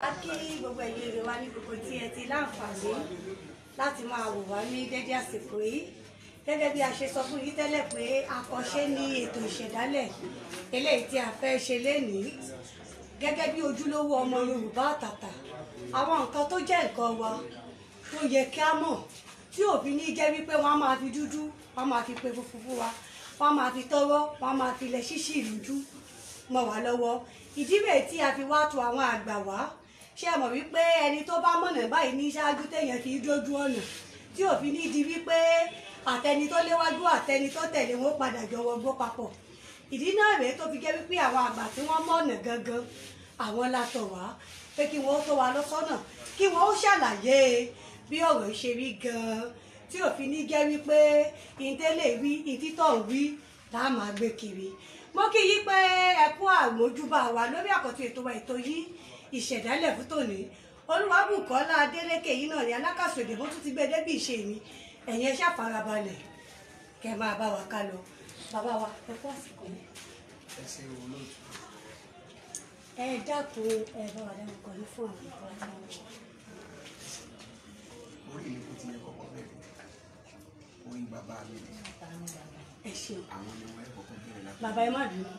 a kí gbogbo ẹ̀yin èrè wa ní gbogbo tí ẹ ti láǹfààní láti máa wò wá ní dédé àsìkò yìí gẹ́gẹ́ bí a ṣe sọ fún yín tẹ́lẹ̀ pé àkọ́ṣe ní ètò ìṣẹ̀dálẹ̀ eléyìí tí a fẹ́ ṣe lénìí gẹ́gẹ́ bí ojúlówó ọmọ Yorùbá àtàtà àwọn nǹkan tó jẹ́ nǹkan wa tó yẹ kí a mọ̀ tí òbí ní jẹ́ wípé wọ́n á máa fi dúdú wọ́n á máa fi pe funfun fún wa wọ́n á máa fi tọ́wọ́ wọ́n á máa fi ilẹ̀ ṣíṣì ìlú dú mọ́ wa lọ́wọ́ ìdí a fi wá tọ̀ àwọn ṣé ẹ mọ̀ wípé ẹni tó bá mọ̀nà báyìí ní ṣáájú téèyàn kì í dójú ọ̀nà tí òfin ní di wípé àtẹni tó léwájú àtẹni tó tẹ̀lé wọn padà jọ wọgbó papọ̀ ìdí náà rèé tó fi jẹ́ wípé àwọn àgbà tí wọ́n mọ̀nà gangan àwọn la tọ̀ wá pé kí wọ́n tó wa lọ́sọ́nà kí wọ́n ó ṣàlàyé bí ọ̀rọ̀ ṣe rí gan-an tí òfin ní jẹ́ wípé ìdẹ́lẹ̀ wí ìtítọ̀ wí tá a máa gbé kiri mo kí yí pé ẹ kú àmójúbà wa lórí àkọ́tún ètò wa ètò yìí ìṣẹ̀dálẹ̀ fún tòní olúwabùkọ́lá adélékè yìí náà ni alákàsòdì wọn tún ti gbé e débi ìṣe mi ẹ̀yin ẹ ṣàfarabalẹ̀ kẹ́ máa bá wa ká lọ bàbá wa ẹ kú àsìkò yẹn. ẹ ṣe olóòtú. ẹ dákun ẹ bá wa dáhùn kan ní fún àwọn ìbọn tí wọn wọ. orí mi kò ti yẹ kọ́kọ́ bẹ̀rẹ̀ orí bàbá mi. ẹ àwọn ni ẹ kọ́kọ́ bẹ̀rẹ̀ lápá. bàbá ẹ má bínú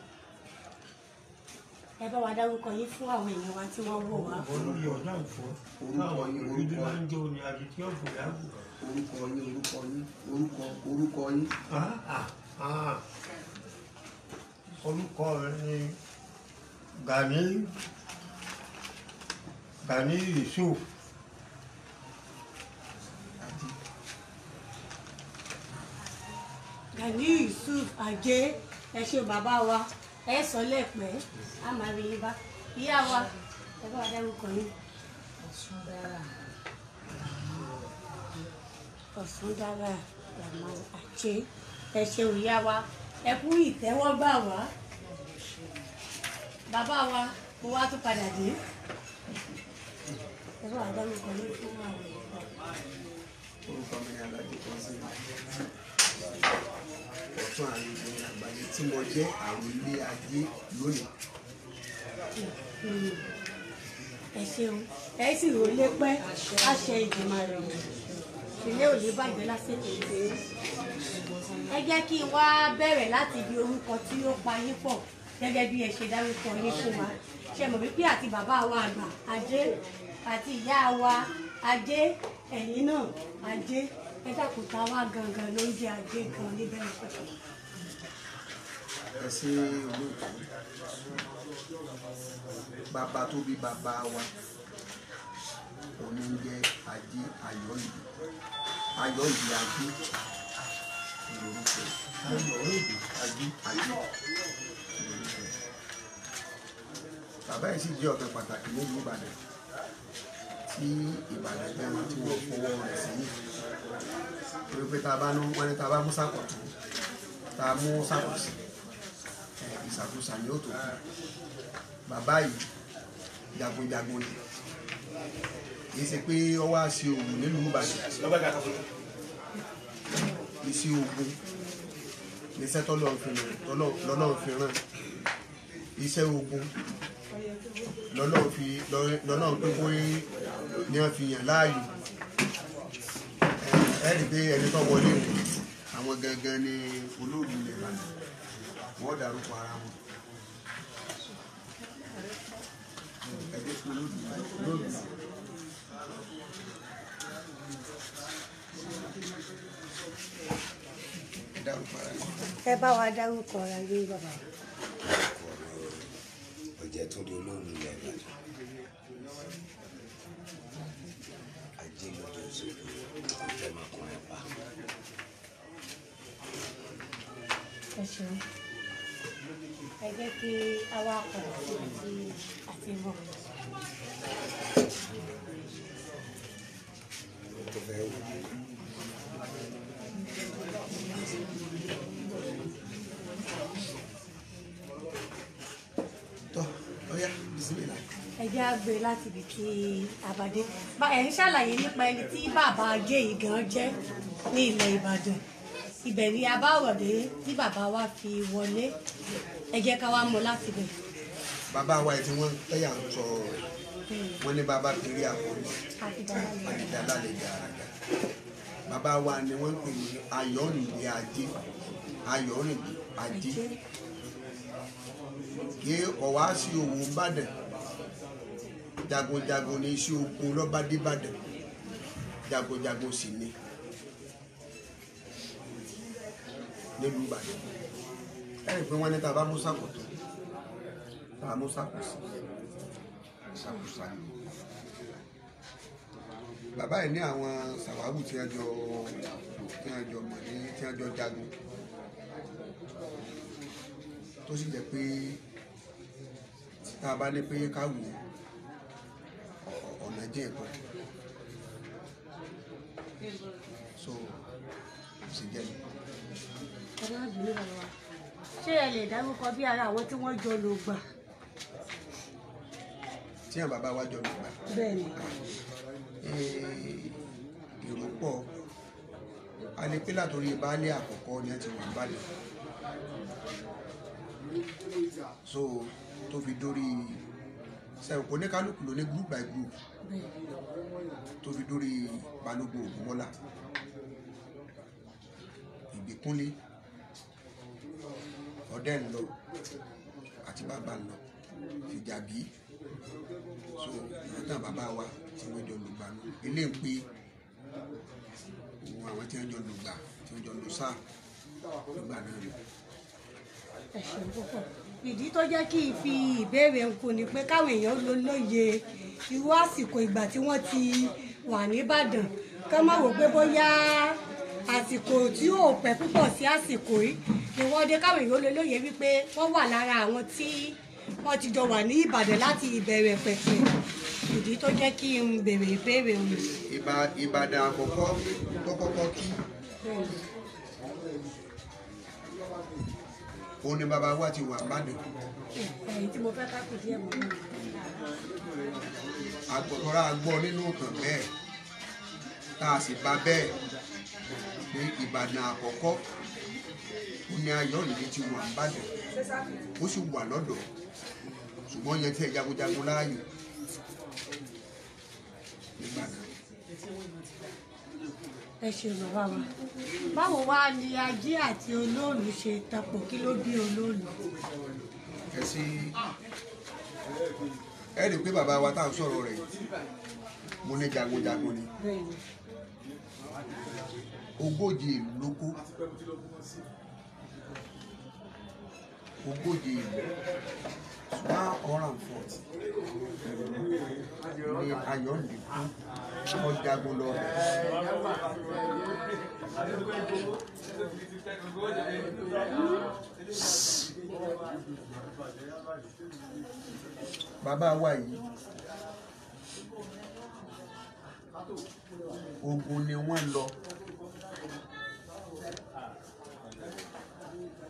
ẹ bá wa dárúkọ yín fún àwọn èèyàn wa tí wọ́n wò wá. olórí ọ̀dọ́ àǹfọ̀ táwọn olórí máa ń jẹ́ oní àjẹ tí ọ̀fọ̀ yà wò. orúkọ yín orúkọ yín orúkọ orúkọ yín. Ah, ah, ah. orúkọ rẹ ni Gani Gani Yusuf. Gani Yusuf Ajé ẹ ṣe bàbá wa ẹ sọ lẹ́pẹ́ á máa rí yín bá ìyá wa ẹ bá wa dárúkọ yín. Ọ̀ṣun Dára Ràmọ́ Àṣẹ ẹ ṣeun ìyá wa ẹ kú ìtẹ́wọ́gbà wá bàbá wa mo wá tún padà dé ẹ bá wa dárúkọ yín fún àwọn ìgbà ọ̀tún àrùn ìròyìn àgbáyé tí mo jẹ́ àrùn ilé ayé lónìí. ẹ ṣeun ẹ sì bàjẹ́ lásìkò ìgbé ẹ jẹ́ kí n wá bẹ̀rẹ̀ láti ibi orúkọ tí ó pa yín pọ̀ gẹ́gẹ́ bí ẹ ṣe dárúkọ yín fún wa ṣe mọ̀ wípé àti bàbá wa àgbà ajé àti ìyá wa ajé ẹ̀yin náà ajé ẹ dàpọ̀ tá a wá gangan lóúnjẹ àgbẹ̀ kan níbẹ̀ pẹ̀lú. ẹ ṣe olóòtú bàbá tó bí bàbá wa oníjẹ ajé ayọ̀ ìdí ayọ̀ ìdí ajé ìlórúkọ ayọ̀ ìdí ajé ayọ̀ ìlórúkọ bàbá yìí sì jẹ́ ọ̀gá pàtàkì ní Ìbàdàn tí ìbàdàn jama tí wọ́n fọwọ́ rẹ̀ sẹ́yìn torí pé tá a bá ní wọ́n ní tá a bá mú sàkọ̀tù tá a mú sàkọ̀tù ìṣàkóso ni ó tó kù bàbá yìí jagunjagun ni kì í ṣe pé ó wá ṣe òògùn nílùú ìbàdàn iṣẹ́ ogun iṣẹ́ tọ́lọ́ọ̀fin ràn iṣẹ́ ogun lọ́nà fi lọ́nà pé kó ní wọ́n fi yàn láàyò ẹ rí i pé ẹni tó wọlé rè àwọn gangan ni olóògbé ilẹ̀ Ìbàdàn wọ́n dárúkọ ara wọn. ẹgbẹ́ fún olóògbé ẹ bá wa dárúkọ ara yín bàbá. ọ̀jẹ̀ tó di olóògbé ilẹ̀ ṣẹ̀ṣẹ̀ ẹ jẹ́ kí awakọ̀ àti àti bọ̀. tọ́ ọ̀yá bisimilá. ẹ jẹ́ àgbè láti ibi tí abadé ẹ̀ ń ṣàlàyé nípa ẹni tí bàbá ajé gan jẹ́ ní ilẹ̀ Ìbàdàn ibẹ̀ ni a bá wọ̀ dé tí bàbá wa fi wọlé ẹ jẹ́ ká wá mọ̀ láti bẹ̀. bàbá wa ẹ̀ tí wọ́n tẹ́yà ń sọ hmm. wọ́n ní bàbá kiri àkọ́lé àdìdàlá lè dàgbà bàbá wa ni wọ́n pè ní ayọ̀rìndé ajé ayọ̀rìndé ajé kí ọ̀wá sí òwò Ìbàdàn jagunjagun ní iṣẹ́ oko lọ́ba dé Ìbàdàn jagunjagun sì ni. Jago, nílùú Ìbàdàn ẹ̀rì pé wọ́n ní tá a bá mú sàkótó tá a mú sàkóso sàkóso àná bàbá yìí ní àwọn sàwábù tí wọ́n jọ tí wọ́n jọ mọ̀ ní tí wọ́n jagun tó sì jẹ́ pé tá ní pé káwù ọ̀nà jẹ́ ẹ̀kọ́ so sì jẹ́ mi ṣé ẹ lè dárúkọ bí ara àwọn tí wọ́n jọ lò gbà. tí àwọn bàbá wa jọ lò gbà. bẹ́ẹ̀ni. èrò pọ̀ alẹ́pẹ́lá torí baálé àkọ́kọ́ ni ẹ ti wà ń balẹ̀ so tó fi dórí sẹ́wọ̀n oníkálukú ló ní group by group tó fi dórí balógun ògúnmọ́lá ìgbèkúnlé ọdẹ ń lọ àti bàbá ń lọ fìjàbí so ìrántàn bàbá wa tí wọ́n jọ lùgbà nù ilé ń pe òun àwọn tí wọ́n jọ lùgbà tí wọ́n jọ lù sáà lùgbà náà ìdí tó jẹ́ kí n fi ìbéèrè ń kú ni pé káwọn èèyàn ló lóye irú àsìkò ìgbà tí wọ́n ti wà nìbàdàn ká má wò pé bóyá àsìkò tí ò pẹ́ púpọ̀ sí àsìkò yìí ìwọ́de káwọn èèyàn lè lóye wípé wọ́n wà lára àwọn tí wọ́n ti jọ wà ní ìbàdàn láti ìbẹ̀rẹ̀ pẹ̀pẹ̀ ìdí tó jẹ́ kí n béèrè ìbéèrè òun. ìbàdàn àkọ́kọ́ tó kọ́kọ́ kí òun ni bàbá wa ti wà bàdàn. ẹ̀yìn tí mo fẹ́ ká kù díẹ̀ mọ́. àgbọ̀tọ́ra gbọ́ nínú ìtàn bẹ́ẹ̀ tá a sì bá bẹ́ẹ̀ ní ìbàdàn àkọ́kọ́ ó ní Ayọ̀nde ti wà ń bàdàn ó sì wà lọ́dọ̀ ṣùgbọ́n yẹn tẹ́ jagunjagun láàyò nígbà kan. ẹ ṣe bàbá wa báwo wá ni ajé àti olóòlù ṣe tapọ̀ kí ló bí olóòlù. ẹ sí ẹ rí i pé bàbá wa tá à sọ̀rọ̀ rẹ̀ mo ní jagunjagun ni ogójì ìlú ló kó ogóje ìlú one hundred and forty ní ayọ̀ǹde fún ọjàgbó lọ rẹ̀. bàbá wa yìí ogun ni wọ́n lọ.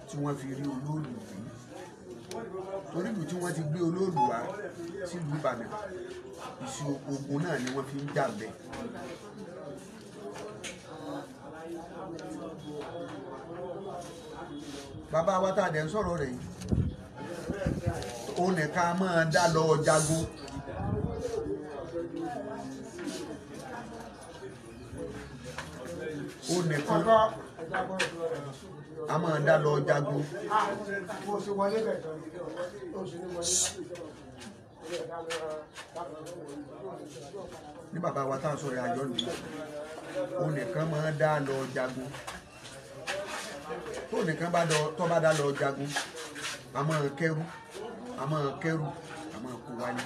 tí wọ́n fi rí olóòlù yìí torí ìlú tí wọ́n ti gbé olóòlù wá sílùú Ìbàdàn ìsì ogun náà ni wọ́n fi ń jà bẹ́ẹ̀. bàbá wa tá a dẹ̀ ń sọ̀rọ̀ rẹ̀ yìí òun nìkan máa dá lọ jagun. òun nìkan a máa dá lọ jagun. ní bàbá wa tá à ń sọ̀rọ̀ àjọ nìyí òun nìkan máa dá lọ jagun tó nìkan bá lọ tó bá dá lọ jagun a máa kẹrù a máa kẹrù a máa kó wáyé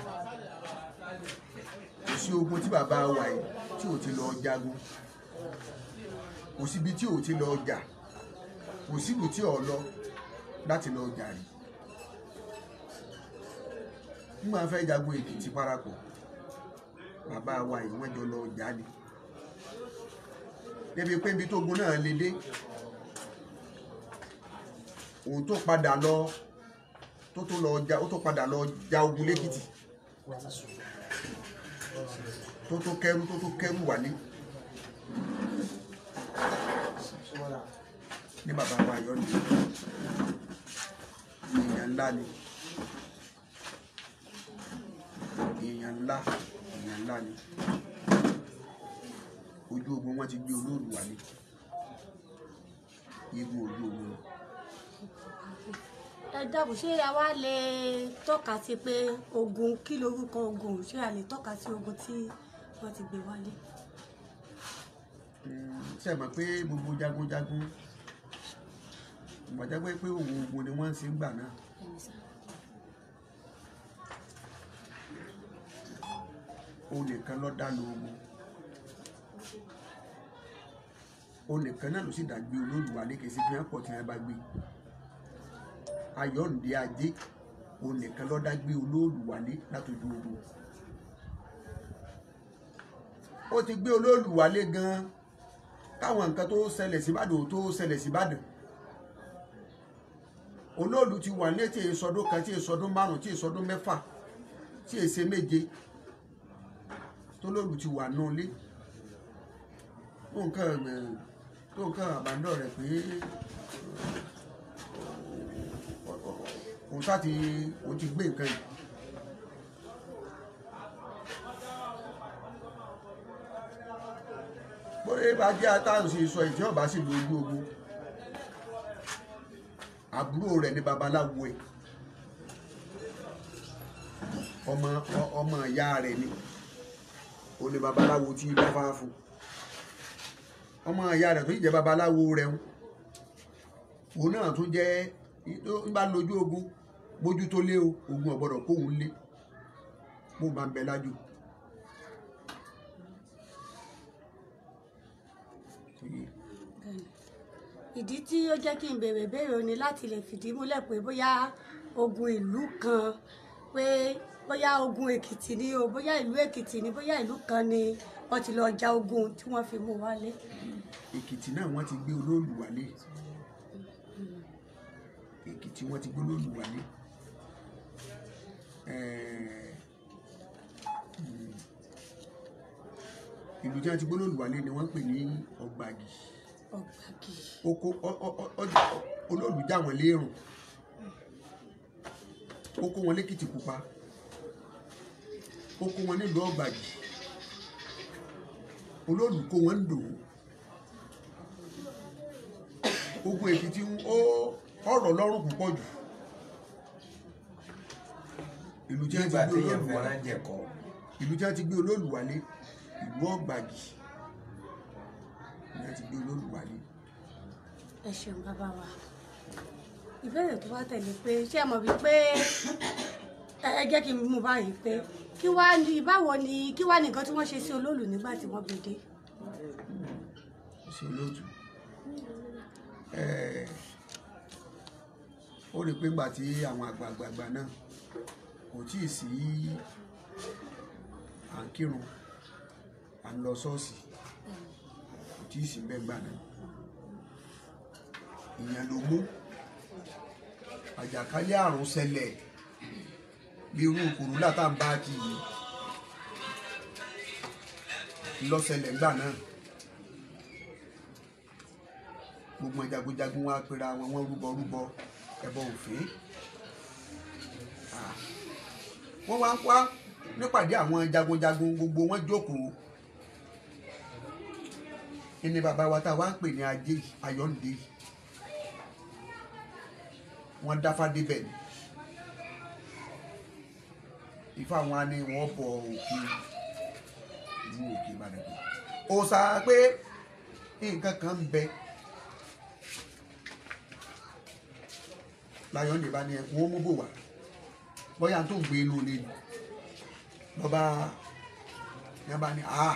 kò sí ogun tí bàbá wa yìí tí ò ti lọ jagun kò síbi tí ò ti lọ jà. Ja kò sílùú tí ò lọ láti lọ jàre nígbà fẹ́ jagun èkìtì parapọ̀ bàbá wa ìwọ́n jọ lọ jáde débi pé ibi tógun náà lè dé òun tó padà lọ tó tó lọ ja ó tó padà lọ ja ogun lẹ́kìtì tó tó kẹrù tó tó kẹrù wálé ní bàbá wa yọ ni èèyàn ńlá ni èèyàn ńlá èèyàn ńlá ni ojú ogun wọn ti gbé olóòlù wà ní irú ojú ogun wọn. ẹ dábò ṣé a wá lè tọ́ka sí pé ogun kí lorúkọ ogun ṣé a lè tọ́ka sí ogun tí wọ́n ti gbé wálé. ṣé ẹ mọ̀ pé gbogbo jagunjagun ṣùgbọ́n jẹ́ pé òun ogun ni wọ́n ń ṣe ń gbà náà. o nìkan ló ogun o nìkan náà ló sì dàgbé olóòlùwà lékesí fi hàn pọ̀ tí wọ́n bá gbé ayọ̀ǹde ajé o nìkan ló dá gbé olóòlùwà lé látòjú odò ó ti gbé olóòlùwà lé gan-an káwọn nǹkan tó ṣẹlẹ̀ síbàdàn tó ṣẹlẹ̀ síbàdàn olóòlù ti wà nílé tí èyí sọdún kan tí èyí sọdún márùn tí èyí sọdún mẹ́fà tí èyí ṣe méje tólóòlù ti wà nù lé tó nǹkan tó nǹkan àbádọ́ rẹ̀ pé òun sá ti òun ti gbé nǹkan yìí. bóyá bá jẹ́ atáǹsì sọ ìjọba sì lójú ogun àbúrò rẹ̀ ní babaláwo ẹ̀ ọmọ ọmọ ìyá rẹ̀ ni ó ní babaláwo tí ibà fà fún ọmọ ìyá rẹ̀ tó yìí jẹ́ babaláwo rẹ̀ ń òun náà tún jẹ́ ń bá lójú ogun bójú tó lé o ogun ọ̀gbọ́dọ̀ kóhun lé bóun bá ń bẹ lájú ìdí tí ó jẹ́ kí n béèrè béèrè ni láti lè fìdí múlẹ̀ pé bóyá ogun ìlú kan pé bóyá ogun èkìtì ni o bóyá ìlú èkìtì ni bóyá ìlú kan ni wọ́n ti lọ ja ogun tí wọ́n fi mú wálé. èkìtì náà wọ́n ti gbé olóòlù wálé èkìtì wọ́n ti gbé olóòlù wálé ìlú tí wọ́n ti gbé olóòlù wálé ni wọ́n ń pè ní ọgbàgì oko olóòlù já wọn léèrùn oko wọn lẹ́kìtì pupa oko wọn nílùú ọ̀gbàjì olóòlù kó wọn ń dòwó ogun èkìtì ń ó ọ̀rọ̀ lọ́rùn púpọ̀ jù ìlú tí wọ́n ti gbé olóòlù wálé ìlú ọ̀gbàjì ẹ ti gbé olóògùn wálé. ẹ ṣeun bàbá wa ìbéèrè tó wá tẹ̀lé pé ṣé ẹ mọ̀ wípé ẹ jẹ́ kí n mú báyìí pé kí wá ní báwo ni kí wá nìkan tí wọ́n ṣe sí olóòlù nígbà tí wọ́n gbé dé. ṣe olóòtú ó rí i pé gbà tí àwọn àgbààgbà náà kò tí sí à ń kírun à ń lọ ṣọ́ọ̀ṣì tí ì sì ń bẹ́ gbà náà ìyẹn ló mú àjàkálẹ̀ àrùn ṣẹlẹ̀ bí irú kòrò látàbá kì í lọ́sẹ̀lẹ̀ ńgbà náà gbogbo jagunjagun wa pera wọn wọn rúbọ rúbọ ẹbọ òfin ah. wọn wá ń wá nípàdé àwọn jagunjagun gbogbo wọn jókòó ìní bàbá wa tá a wá ń pè ní ajé Ayọ̀ǹde wọ́n dáfá débẹ̀ ni ifá wọn ni wọ́n bọ òkè ìlú òkè ìbàdàn ó sá pé nǹkan kan bẹ l'Ayọ̀ǹde bá ní wọ́n mú bò wá bóyá tó ń gbé inú ni lọ́ba yẹn bá ní Ah,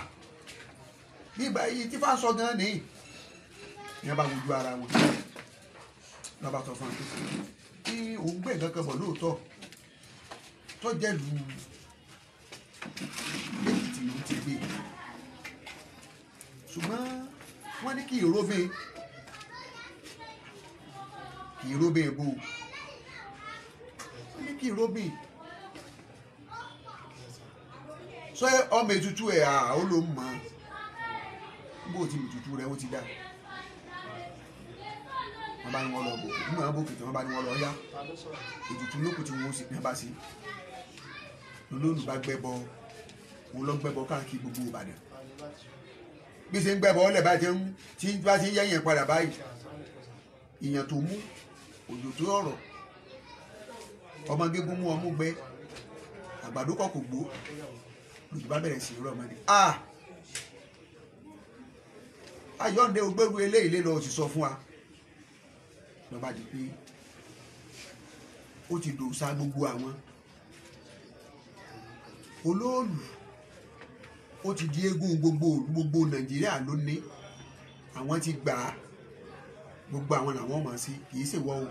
bí ìgbà yìí tí fáwọn sọ gan nìyí ìyẹn bá wojú ara wọn lọ́ba tó fún un kí òun gbé nǹkan kan bọ̀ lóòótọ́ tó jẹ́ lu lẹ́kìtì ló ti gbé ṣùgbọ́n wọ́n ní kí ìróbe kì í róbe bò wọ́n ní kí ìróbe sọ ọmọ ètùtù ẹ̀ àá ó ló mọ̀ ọ́ bó ti mùtútù rẹ ó ti dá wọn bá ní wọn lọ bò òkú mọ̀ bò kìtì wọn bá ní wọn lọ yá ètùtù yòókù tí wọn ó sì ní bá sí lónìí gbẹbọ wọn lọ gbẹbọ káàkiri gbogbo Ìbàdàn bí ṣe ń gbẹbọ ọlẹ bá tí bá ti ń yẹyìn padà báyìí ìyàn tó mú òjò tó ọ̀rọ̀ ọmọ gégún mú ọmú gbẹ àgbàdo kọkò gbó lójú bá sí rọ ọmọdé ah! ayọ̀ǹde ògbérú eléyìí lé lọ ó ti sọ fún wa ló bá di pé ó ti dòòsa gbogbo àwọn olóòlù ó ti di eégún gbogbo gbogbo nàìjíríà lónìí àwọn ti gbà á gbogbo àwọn làwọn mọ̀ sí kì í sì wọ́ o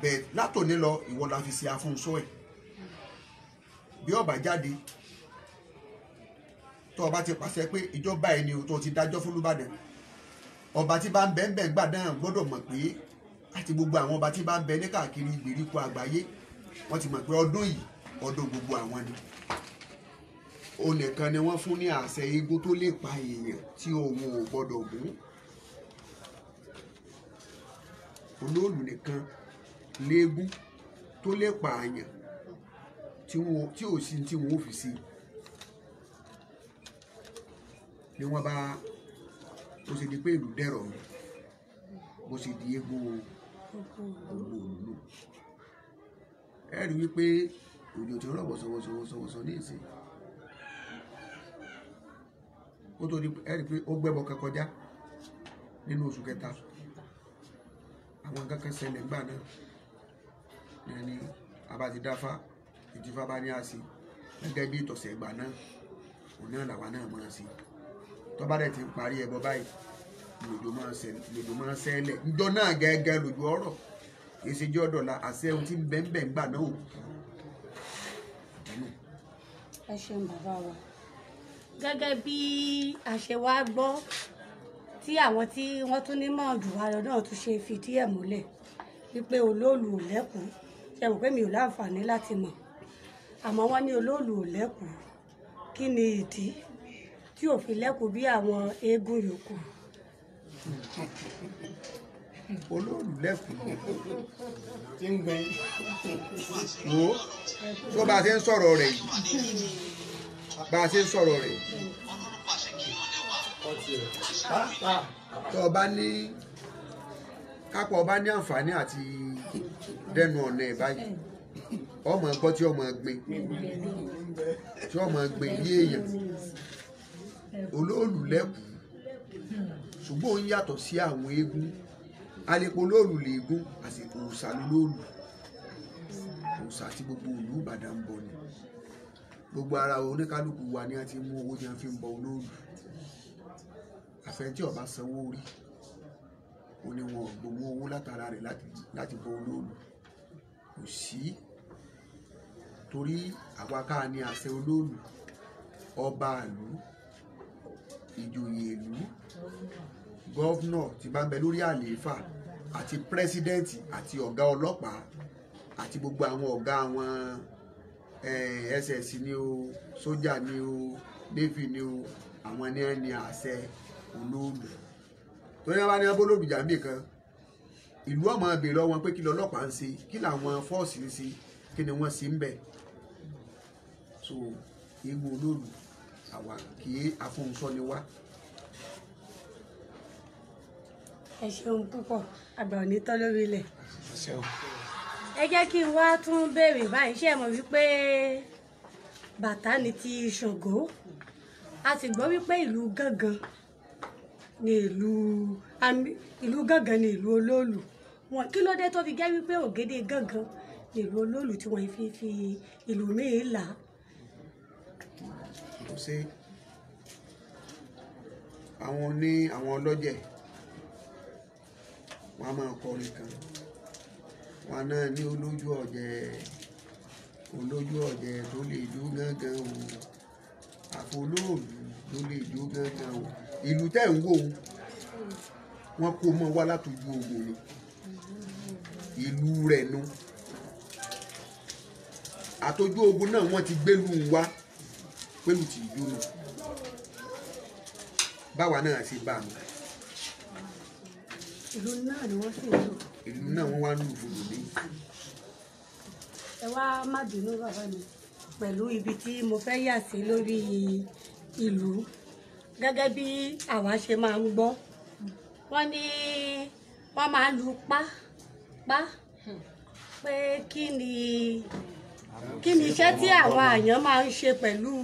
bẹ́ẹ̀ látòní lọ ìwọ la fi ṣe afúnṣọ́ ẹ̀ bí ọba jáde tó ọba ti pàṣẹ pé ìjọba ẹni o tó ti dájọ́ fún Olúbàdàn ọba tí bá ń bẹ ń bẹ gbà náà gbọ́dọ̀ mọ̀ pé àti gbogbo àwọn ọba tí bá ń bẹ ní káàkiri ìgbèríko àgbáyé wọ́n ti mọ̀ pé ọdún yìí ọdún gbogbo àwọn ni ó nìkan ni wọ́n fún ní àṣẹ eégún tó lè pa èèyàn tí òun ò gbọ́dọ̀ mú olóòlù nìkan léégún tó lè pa èèyàn tí ò sí tí wọ́n ò fi sí i ni wọ́n bá bó ṣe di pé ìlú dẹ̀rọ̀ mi bó ṣe di egbò gbogbo òlùlù ẹ rí wípé òjò ti rọ̀ wọ̀sọ̀wọ̀sọ̀wọ̀sọ̀ ní ìsìn ó tó di ẹ rí pé ó gbẹ́bọ kọkọjá nínú oṣù kẹta àwọn nǹkan kan ṣẹlẹ̀ ńgbà náà ní abáti dáfá ìtìfá bá ní àsì gẹ́gẹ́ bí ìtọ̀sẹ̀ ìgbà náà òun náà làwa náà mọ̀ sí i tọ́ba rẹ̀ ti ń parí ẹbọ báyìí lòjò máa ń sẹ́lẹ̀ njọ́ náà gẹ́gẹ́ lòjò ọ̀rọ̀ kì í ṣe jẹ́ ọ̀dọ̀ la àṣẹ ohun tí ń bẹ́ ń bẹ̀ ń gbà náà ò dínú. ẹ ṣeun bàbá wa gẹ́gẹ́ bí a ṣe wá gbọ́ tí àwọn tí wọ́n tún ní mọ̀ọ́dù wa lọ náà tún ṣe fìdí ẹ̀ múlẹ̀ wípé olóòlù ò lẹ́kùn ṣe mọ̀ pé mi ò láǹfààní láti mọ̀ àmọ́ wọ́n ní olóòlù ò lẹ́kùn kí ni ìdí tí ò fi lẹ́kùn bí àwọn eégún yòókù. olóòlù lẹ́kùn tí ń gbẹ̀yìn wo tó bá a ṣe ń sọ̀rọ̀ rẹ̀ yìí bá a ṣe ń sọ̀rọ̀ rẹ̀ yìí tó o bá ní kápọ̀ ọba ní àǹfààní àti dẹnu ọ̀nà ẹ̀ báyìí ọmọ ẹ̀kọ́ tí ọmọ ẹ̀gbin tí ọmọ ẹ̀gbin yé èèyàn olóòlù lẹ́kù ṣùgbọ́n ó ń yàtọ̀ sí àwọn eégún alepo olóòlù lẹ́gún àsìkò òòṣà lólóòlù òòṣà tí gbogbo ìlú Ìbàdàn ń bọ ni gbogbo ara oníkálukú wa ni a ti mú owó tí a fi ń bọ olóòlù àfẹnjẹ ọba sanwó rí ó ní wọn gbowó owó látara rẹ̀ láti bọ olóòlù kò sí torí àwa ká ní àṣẹ olóòlù ọba ìlú ìjòyè ìlú gọ́vnọ̀ tí bá ń bẹ lórí àlééfà àti pírẹ́sídẹ́ǹtì àti ọ̀gá ọlọ́pàá àti gbogbo àwọn ọ̀gá àwọn ss eh, ni o sójà ni o navy ni o àwọn ni wọ́n ní àṣẹ olóòlù torí wọn bá ní wọn bó lóòlù jàmbí kan ìlú ọmọ abèrè wọn pé kí lọ ọlọ́pàá ń ṣe kí làwọn fọ́ọ̀sì ń ṣe kí ni wọ́n ṣe ń bẹ̀ so ewu olóòlù àwa kì í afóhunsọ ni wá. ẹ ṣeun púpọ̀ àgbà òní tọ́ lórí ilẹ̀. ẹ jẹ́ kí n wá tún béèrè báyìí ṣé ẹ mọ̀ wípé bàtà ni ti Ṣàngó a sì gbọ́ wípé ìlú gángan ni ìlú ìlú gángan ni ìlú olóòlù wọn kí ló dé tó fi jẹ́ wípé ògèdè gángan ni ìlú olóòlù tí wọ́n fi fi ìlú míì là á kò sí àwọn ní àwọn ọlọ́jẹ̀ wọn a máa kọrin kan wọn náà ní olójú ọ̀jẹ̀ olójú ọ̀jẹ̀ tó lè jó gángan o àfolóòlù tó lè jó gángan o ìlú tẹ́ ń wò ó wọ́n kó mọ́ wá látòjú ogun ni ìlú rẹ̀ nu àtòjú ogun náà wọ́n ti gbẹ́lú wa. No pẹ̀lú tìjú nù báwa náà ṣe bá mi. ìlú náà ni wọ́n sì ń lò. ìlú náà wọ́n wá ń lù fún mi. ẹ wá má bínú bàbá mi pẹ̀lú ibi tí mo fẹ́ yà sí lórí ìlú gẹ́gẹ́ bí àwa ṣe máa ń gbọ́ wọ́n ní wọ́n máa lu pápá pé kí ni kí ni iṣẹ́ tí àwọn àyàn máa ń ṣe pẹ̀lú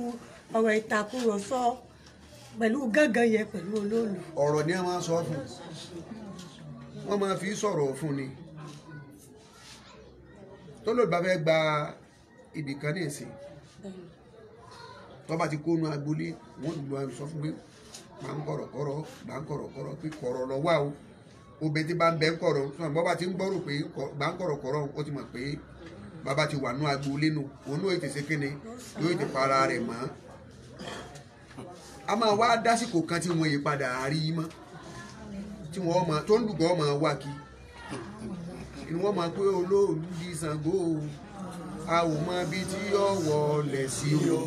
ọ̀rọ̀ ìtàkùrọ̀sọ pẹ̀lú gángan yẹn pẹ̀lú olóòlù. ọ̀rọ̀ ni a máa sọ fún wọ́n máa fi sọ̀rọ̀ fún ni tólóògbà fẹ́ gba ibì kan ní ìsìn tọ́ba ti kónú agboolé wọ́n lu àìsàn fún mi máa ń kọ̀rọ̀kọ̀rọ̀ máa ń kọ̀rọ̀kọ̀rọ̀ pé kọ̀rọ̀ lọ wá o obìnrin tí bá ń bẹ ń kọ̀rọ̀ fún àwọn bọ́ba ti ń gbọ́rò pé máa ń kọ̀rọ̀kọ̀rọ̀ ó ti mọ̀ pé bàbá ti wà nú agboolé nu òun náà ètè ṣe kíni yóò ti para rẹ̀ mọ́. a máa wá dásìkò kan tí wọ́n yí padà rí mọ́ tí wọ́n mọ tó ń dùgbọ́ ọmọ wá kí inú wọn mọ pé olóòlù di Ṣàngó a ò mọ bí o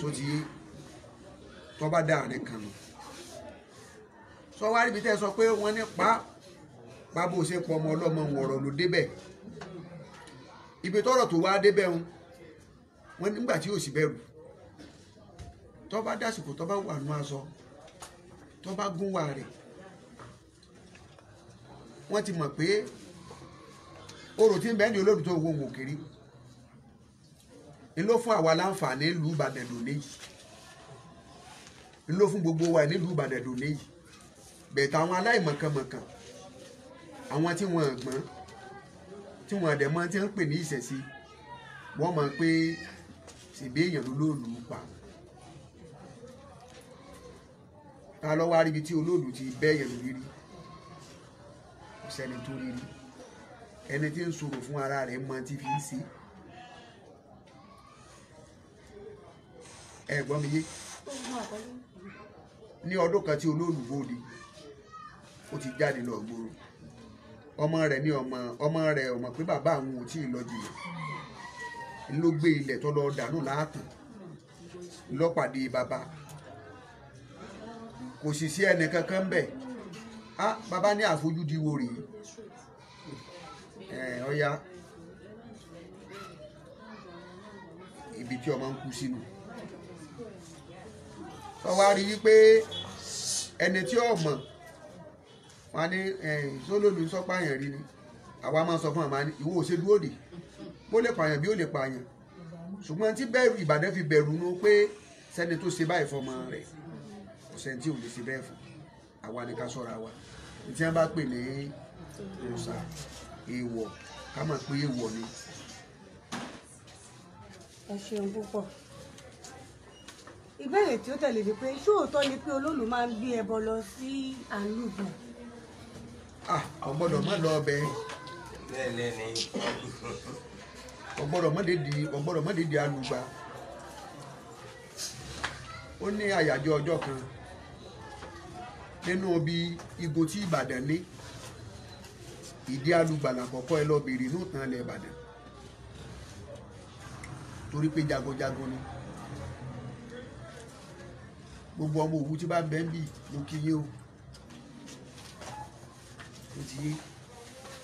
tó ti tó bá dá àárín kan sọ wá tẹ́ sọ pé wọ́n ní pa pa bó ṣe pọ̀ ọmọ ọlọ́mọ wọ̀rọ̀ ló débẹ̀ ibi tọ́rọ̀ tó wá débẹ̀ wọn nígbà tí tó bá dásìkò tó bá wà nù aṣọ tó bá gún wà rẹ̀ wọ́n ti mọ̀ pé orò tí ń bẹ́ẹ̀ ni olóòtú tó wo wò kiri ń ló fún àwa láǹfààní ìlú Ìbàdàn lónìí yìí ń ló fún gbogbo wa nílùú Ìbàdàn lónìí yìí bẹ̀tẹ̀ àwọn aláìmọ̀kànmọ̀kàn àwọn tí wọ́n gbọ́n tí wọ́n dẹ̀ mọ́ tí wọ́n pè ní ìṣẹ̀sí wọ́n mọ̀ pé ṣèbí ló lóòlù pa. ta lọ́wọ́ aríbi tí olóòlù ti bẹ́ẹ̀ yẹn lórí kò sẹ́ni tó rí ẹni tí ń fún ara rẹ̀ mọ tí fi ń ṣe ẹ gbọ́ mi yé ní ọdún kan tí ti jáde lọ gbòòrò ọmọ rẹ ní ọmọ ọmọ rẹ ọmọ pé bàbá àwọn ò tí ì lọ gbé ilẹ̀ lọ dànù láàtàn bàbá kò sì sí ẹnì kankan bẹ̀ á bàbá ní àfojúdi wo rèé ọ̀ya ibi tí ọmọ ń kú sínú ọwọ́ a rí wípé ẹni tí ó mọ̀ wọn ní sólòlù sọ́pààyàn rí ni àwa máa sọ fún àmà ní ìwọ òṣèlú òdì bó lè pààyàn bí ó lè pààyàn ṣùgbọ́n tí bẹ́ẹ̀rù Ìbàdàn fi bẹ̀rù nu pé sẹ́ni tó ṣe báyìí fọmọ rẹ̀ sẹ́ni tí ò lè ṣe bẹ́ẹ̀ fún àwa ni ká sọ́ra wa tí wọ́n bá pè ní òòṣà èèwọ̀ ká mọ̀ pé èèwọ̀ ni. ẹ ṣeun púpọ̀ ìbéèrè tí ó tẹ̀lé ni pé ṣóòótọ́ ni pé olóòlù máa ń gbé ẹbọ lọ sí àlùbọ̀. àwọn gbọ́dọ̀ má lọ ọbẹ̀ ọgbọ́dọ̀ má dédi ọgbọ́dọ̀ má dédi ó ní àyájọ́ ọjọ́ kan nínú ibi igbó tí Ìbàdàn ní ìdí alùgbàlà àkọ́kọ́ ẹ lọ bèrè ní òtàn ilẹ̀ Ìbàdàn torí pé jagunjagun ni gbogbo ọmọ òwú tí bá ń bẹ́ ń bì mo kí yín o ó ti yé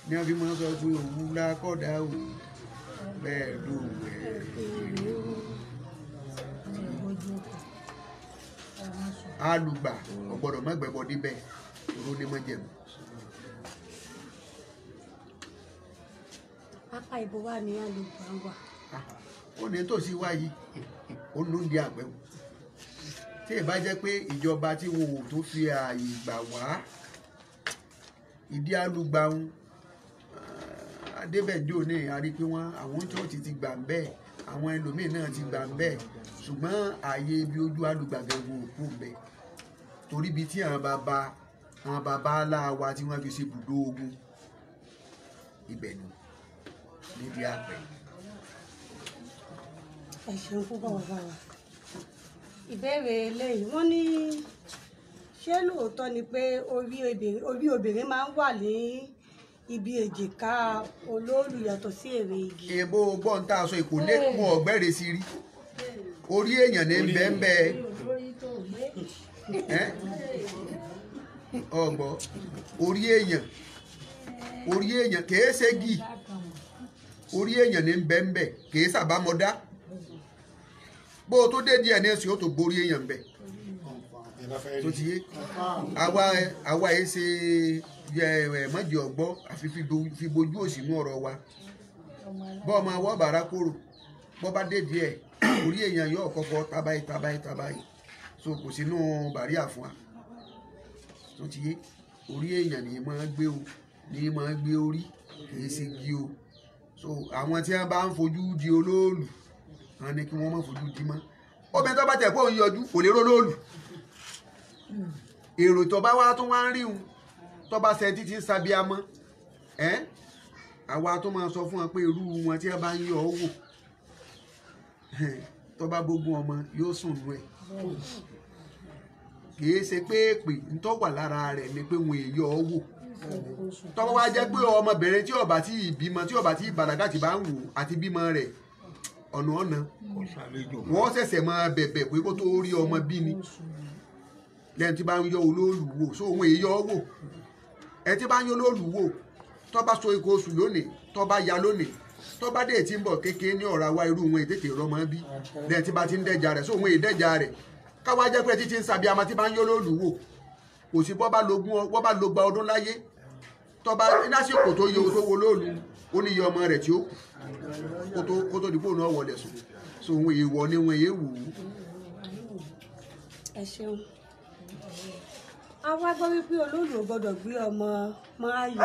ní wọ́n sọ pé òwú lákọ̀dá òwú bẹ́ẹ̀ ló wẹ̀ ẹ́ alùgbà ọ̀gbọ́dọ̀ mẹ́gbẹ̀bọ níbẹ̀ ìró ní mọ́jẹ̀mú. apá ìbò wa ni alùgbà wà. ó ní tòsí wá yìí ó ń lóun di àgbẹ̀ wò tí ìbá jẹ́ pé ìjọba tí wọn ò tó fi ààyè gbà wá ìdí alùgbà ń ah, adébẹ̀dé òní àrí pé wọ́n àwọn tí wọ́n ti ti gbà bẹ́ẹ̀ àwọn ẹlòmíín náà ti gbà bẹ́ẹ̀ ṣùgbọ́n ààyè ibi ojú alùgbàgbẹ́ wo òkú bẹ́ẹ̀ torí ibi tí àwọn bàbá àwọn bàbá aláwa tí wọ́n fi ṣe ibùdó ogun ibẹ̀ nù níbi àpẹ. ẹ ṣeun púpọ̀ bàbá wa ìbéèrè eléyìí wọ́n ní ṣé lóòótọ́ ni pé orí obìnrin máa ń wà ní ibi èjìká olóòlù yàtọ̀ sí èrè igi. èbó gbọ́n tá a sọ èkó lé mú ọ̀gbẹ́rẹ́ sí rí orí èèyàn ní bẹ́ẹ̀nbẹ́ ọ̀gbọ́ orí èèyàn orí èèyàn kèé ségi orí èèyàn ní bẹ́ẹ̀nbẹ́ kèé sàbámọ́dá bó o tó dé díẹ̀ ní ẹ̀sìn ó tó borí èèyàn bẹ́ẹ̀ tó ti yé àwa ẹ̀ ṣe mọ̀jẹ̀ ọ̀gbọ́ àfi fi bojú òsínú ọ̀rọ̀ wa bọ́ ọmọ àwọ̀ bàrà kóró bọ́ bá dé díẹ̀ orí èèyàn yóò kọ́kọ́ tabayi tabayi tabayi so kò sínú bàríà fún wa tó ti yé orí èèyàn ni máa gbé o ni máa gbé orí kìí ṣe gi o so àwọn tí wọn bá ń fojú di olóòlù wọn ni kí wọn má fojú di mọ́ obìnrin tó bá tẹ̀ pé òun yọjú kò lè rólóòlù èrò tó bá wá tún wá ń rí òun tọ́ba ṣe títí sábíamọ́ ẹ́ àwa tó máa sọ fún wọn pé irú wọn tí wọ́n bá ń yọ ọ́ wò tọ́ba gbógun ọmọ yóò sùn nù ẹ̀ kìí ṣe pé èpè ń tọ́ wà lára rẹ̀ ni pé wọn èyọ ọ́ wò tọ́ba wa jẹ́ pé ọmọbìnrin tí ọba tí ìbímọ tí ọba tí ìbàdàgà ti bá ń wò àti bímọ rẹ̀ ọ̀nà ọ̀nà wọ́n ṣẹ̀ṣẹ̀ máa bẹ̀bẹ̀ pé kó tó rí ọmọ bí ni lẹ́yìn tí bá ń yọ olóòlù wò sóhun èyọ ọ́ wò ẹ ti bá yín olóòlùwò tó bá so iko oṣù lónìí tó bá ya lónìí tó bá dé tí ń bọ̀ kékeré ní ọ̀rọ̀ àwa irú wọn ètètè rọmọ bí lẹ́yìn tí bá ti ń dẹ́jà rẹ̀ sóhun èdẹ́jà rẹ̀ káwá jẹ́ pé títí ń sàbí àmọ́ tí bá ń yọ́ lóòlùwò kò sí bọ́ bá lo gba ọdún láyé tọba lásìkò tó yẹ tó wo lóòlù ó ní iye ọmọ rẹ̀ tí ó kó tó dìbò náà wọlé sùn sóhun èèwọ̀ ni wọn èèwù. ẹ ṣeun a wá gbọ́ wípé olóòlù ò gbọ́dọ̀ gbé ọmọ máàyò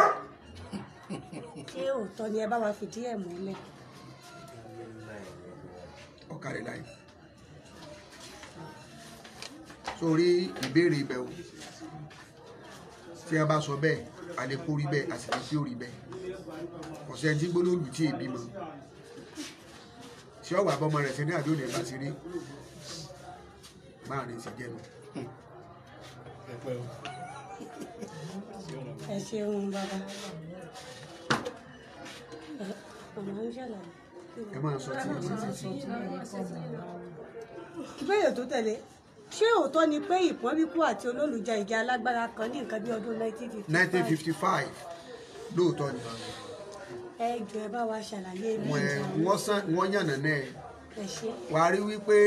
ṣé òótọ́ ni ẹ bá wa fìdí ẹ̀ múlẹ̀. ọ̀kàrẹ̀ láì sórí ìbéèrè ibẹ̀ o tí a bá sọ bẹ́ẹ̀ a lè kó rí bẹ́ẹ̀ a sì lè kí ó rí bẹ́ẹ̀ ọ̀sẹ̀ tí gbólóòlù tí èbí mọ́ ṣé ọ̀wà àbọ̀mọ rẹ̀ sí ní àdó ìdẹ̀gbà sí rí máa rìn sí jẹ́nu pẹ́ o. ẹ ṣeun bàbá ọ̀nà ń ṣàlàyé. ẹ máa sọ tí ẹ máa sọ tí ìbéèrè tó tẹ̀lé ṣé òótọ́ ni pé ìpọ́nbíkú àti olólùjà ìjà alágbára kan ní nǹkan bí ọdún 1955. 1955 lóòótọ́ ni. ẹ jọ ẹ bá wa ṣàlàyé ilé ìjà. wọ́n yànnà náà wàá rí wípé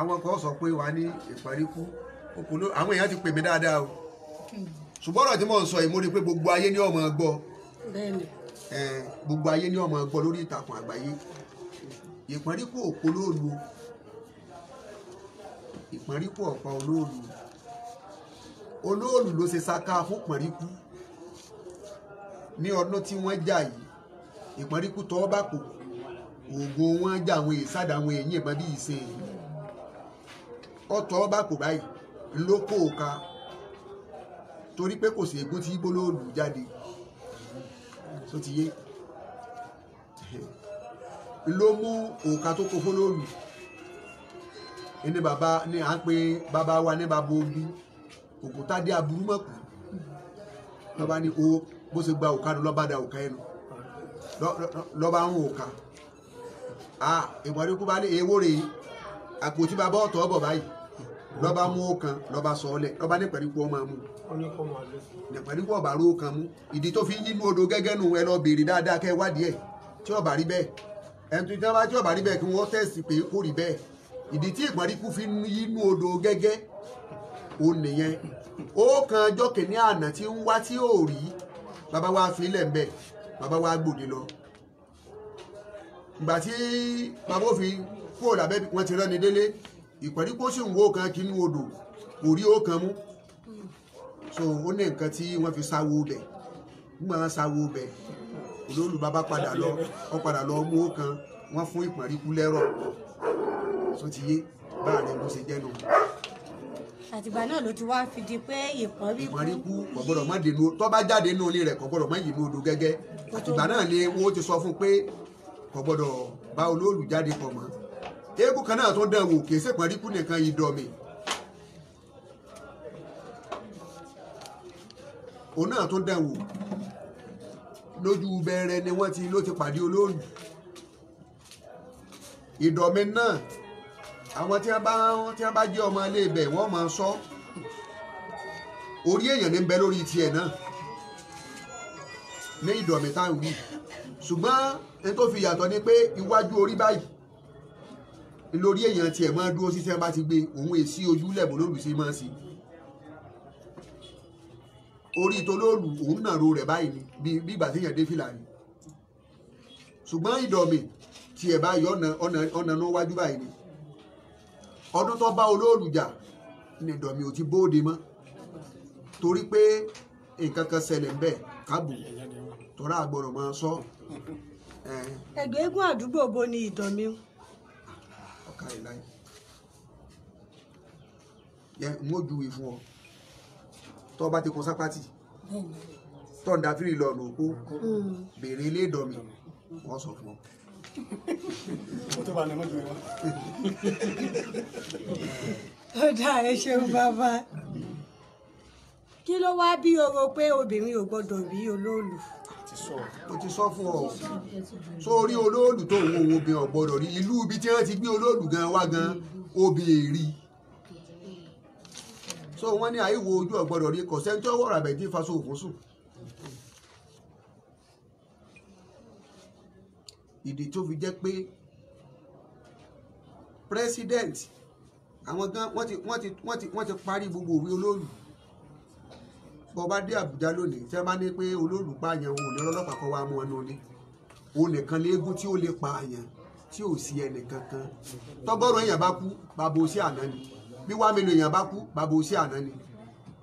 àwọn kan sọ pé wàá ní ìpọ́nbíkú òkúló àwọn èèyàn ti pè mí dáadáa o ṣùgbọ́n ọ̀rọ̀ tí mò ń sọ yìí mo rí i pé gbogbo ayé ni ọmọ gbọ́ gbogbo ayé ni ọmọ gbọ́ lórí ìtàkùn àgbáyé ìpọ́nrípò òpó lóòlù ìpọ́nrípò ọ̀pá olóòlù olóòlù ló ṣe ṣaka fún pọ́nrípù ní ọdún tí wọ́n jà yìí ìpọ́nrípù tọ́ bá kò oògùn wọn jà àwọn èèsàdà àwọn èèyàn ìbọn bí ìsìn yìí bá kò báyìí lóko òka torí pé kò sí ègún tí gbóló lù jáde tó ti yé ló mú òka tó kó fólóòlù ẹni bàbá ni à ń pe bàbá wa ní bàbá omi òkúta dé aburú mọ̀ lọ́ba ní o bó ṣe gba òka ló lọ́ba da òka ẹnu lọ́ba ń òka ah ìwádìí kú bá ní ewúrẹ́ àpótí bàbá ọ̀tọ̀ ọ̀bọ̀ báyìí. lọba mú ó lọba sọ ọ́lẹ̀ ní ọmọ mú pẹ̀lú ikú ọ̀bàrú ó mú ìdí tó fi ń yínú odò gẹ́gẹ́ nù ẹ lọ béèrè dáadáa kẹ́ ẹ wádìí ẹ̀ tí ọ̀bà rí bẹ́ẹ̀ ẹni tó jábá tí ọ̀bà rí kí pé rí fi ń yínú odò gẹ́gẹ́ ó nìyẹn kan kìíní àná tí ń ìpẹ̀rípò sì ń wo kan kínú odò kò rí ó kan mú so ó ní nǹkan tí wọ́n fi sáwó bẹ̀ nígbà wọn sáwó bẹ̀ olóòlù bàbá padà lọ ọ padà lọ mú ó kan wọ́n fún ìpẹ̀rípò lẹ́rọ̀ so ti yé báàrin bó ṣe jẹ́nu. àtìgbà náà ló ti wá fi di pé ìpọ́nrí kú. kò gbọ́dọ̀ má dénú tó bá jáde nínú ilé rẹ̀ kò gbọ́dọ̀ má yìí ní odò gẹ́gẹ́ àtìgbà náà ni wọ́n ti sọ fún pé kò gbọ́dọ̀ bá olóòlù jáde pọ̀ mọ́ eégún kan náà tó dán wò kì í ṣe pẹ̀lú ikú nìkan ìdọ̀mì òun náà tó dán wò lójú bẹ̀rẹ̀ ni wọ́n ti ló ti pàdé olóòlù ìdọ̀mì náà àwọn tí wọ́n bá tí wọ́n bá jẹ́ ọmọ ilé ibẹ̀ wọ́n máa sọ orí èèyàn ní bẹ lórí tiẹ̀ náà ní ìdọ̀mì táwọn wí ṣùgbọ́n ẹni tó fi yàtọ̀ ni pé iwájú orí báyìí lórí èèyàn tiẹ̀ máa dúró sí sẹ́ńbà ti gbé òun èsì ojúlẹ̀ bó lóòlù sí máa ń sí orí tolóòlù òun náà ro rẹ̀ báyìí ni bí ìgbà téèyàn dé fìlà ni ṣùgbọ́n ìdọ̀mì tiẹ̀ báyìí ọ̀nà náà wájú báyìí ni ọdún tó bá olóòlù jà ni ìdọ̀mì ò ti bóde mọ́ torí pé nǹkan kan ṣẹlẹ̀ ń bẹ̀ káàbù tọ́ra àgbọ̀rọ̀ máa sọ. ẹgbẹ́ eégún àdúgbò bo ni ìdọ̀mì o làákàyè láyé yẹn n ó júwe fún ọ tó o bá ti kó sápátì tó ń da fírì lọ ọ̀nà òpó béèrè ilé ìdọ̀mì wọ́n sọ fún ọ. o tó bá lè mọ́jú wọn. ó dá ẹ ṣeun bàbá kí ló wá bí ọ̀rọ̀ pé obìnrin ò gbọ́dọ̀ rí olóòlù mo ti sọ fún ọ sórí olóòlù tó ń wo obìnrin ọ̀gbọ́dọ̀ rí ìlú ibi tí wọ́n ti gbé olóòlù gan wá gan obìnrin rí so wọ́n ní àìwo ojú ọ̀gbọ́dọ̀ rí kò sẹ́ni tó wọ̀rọ̀ àbẹ̀dí faso òfò sùn. ìdí tó fi jẹ́ pé president àwọn gan wọ́n ti wọ́n ti wọ́n ti parí gbogbo òwe olóòlù bọ́ bá dé àbújá lónìí tẹ́ bá ní pé olólùpààyàn òun ò ní ọlọ́pàá kọ́ wa mú ọ lónìí òun nìkan léegun tí ó lè pa àyàn tí ò sí ẹnì kankan tọ́gọ́rọ̀ èèyàn bá kú bàbá òsì àná ni bí wàá mélòó èèyàn bá kú bàbá òsì àná ni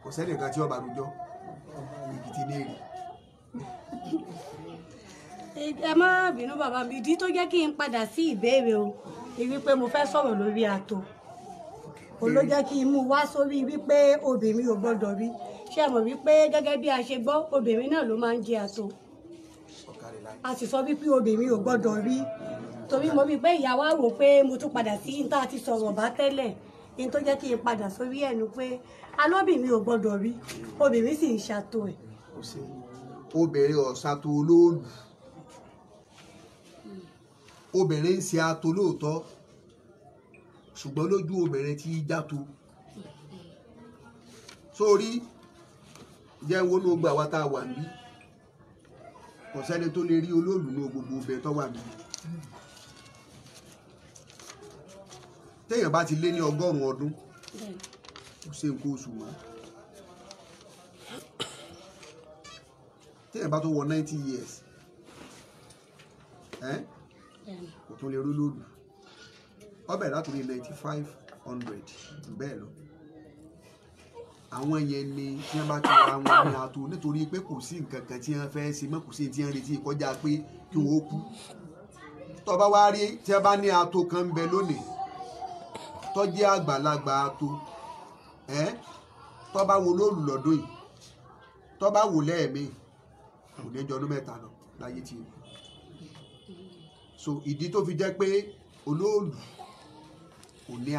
kò sẹ́nìkan tí ó bá rújọ́ èkìtì ní èrè. ẹ má bínú bàbá mi ìdí tó jẹ́ kí n padà sí ìbéèrè o wípé mo fẹ́ sọ̀rọ̀ lórí ààtò olójẹ́ kí n mú wá sórí wípé obìnrin ò gbọ́dọ̀ rí ṣé ẹ mọ̀ wípé gẹ́gẹ́ bí a ṣe gbọ́ obìnrin náà ló máa ń jẹ àtò a sì sọ wípé obìnrin ò gbọ́dọ̀ rí torí mo rí pé ìyá wa rò pé mo tún padà sí a àti sọ̀rọ̀ bá tẹ́lẹ̀ ní tó jẹ́ kí n padà sórí ẹ̀nu pé alóbìnrin ò gbọ́dọ̀ rí obìnrin sì ń ṣàtò ẹ̀. obìnrin ọ̀sán tó olóòlù obìnrin ń ṣe ato lóòótọ́ ṣùgbọ́n lójú obìnrin tí í játo sórí. So, jẹ́ ń wónú gbà wá tá a wà níbí kò sẹ́ni tó lè rí olóòlù ní gbogbo ibẹ̀ tó wà níbí. téèyàn bá ti lé ní ọgọ́rùn-ún ọdún kò ṣe nǹkan oṣù mọ́ téèyàn bá tó wọ ninety years kò tún lè rí olóòlù ọbẹ̀ látòrí ninety five hundred bẹ́ẹ̀ lọ àwọn yẹn ni tí wọ́n bá ti ra wọn ní ato nítorí pé kò sí nǹkan kan tí wọ́n fẹ́ ṣe mọ́ kò sí tí wọ́n retí kọjá pé kí wọ́n kú tó wá rí tí wọ́n bá ní ato kan ń bẹ lónìí tó àgbàlagbà ato ẹ́ tó wo lóòlù lọ́dún yìí tó bá lẹ́ẹ̀mí kò ní jọdún mẹ́ta lọ láyé tí so ìdí tó fi jẹ́ pé olóòlù kò ní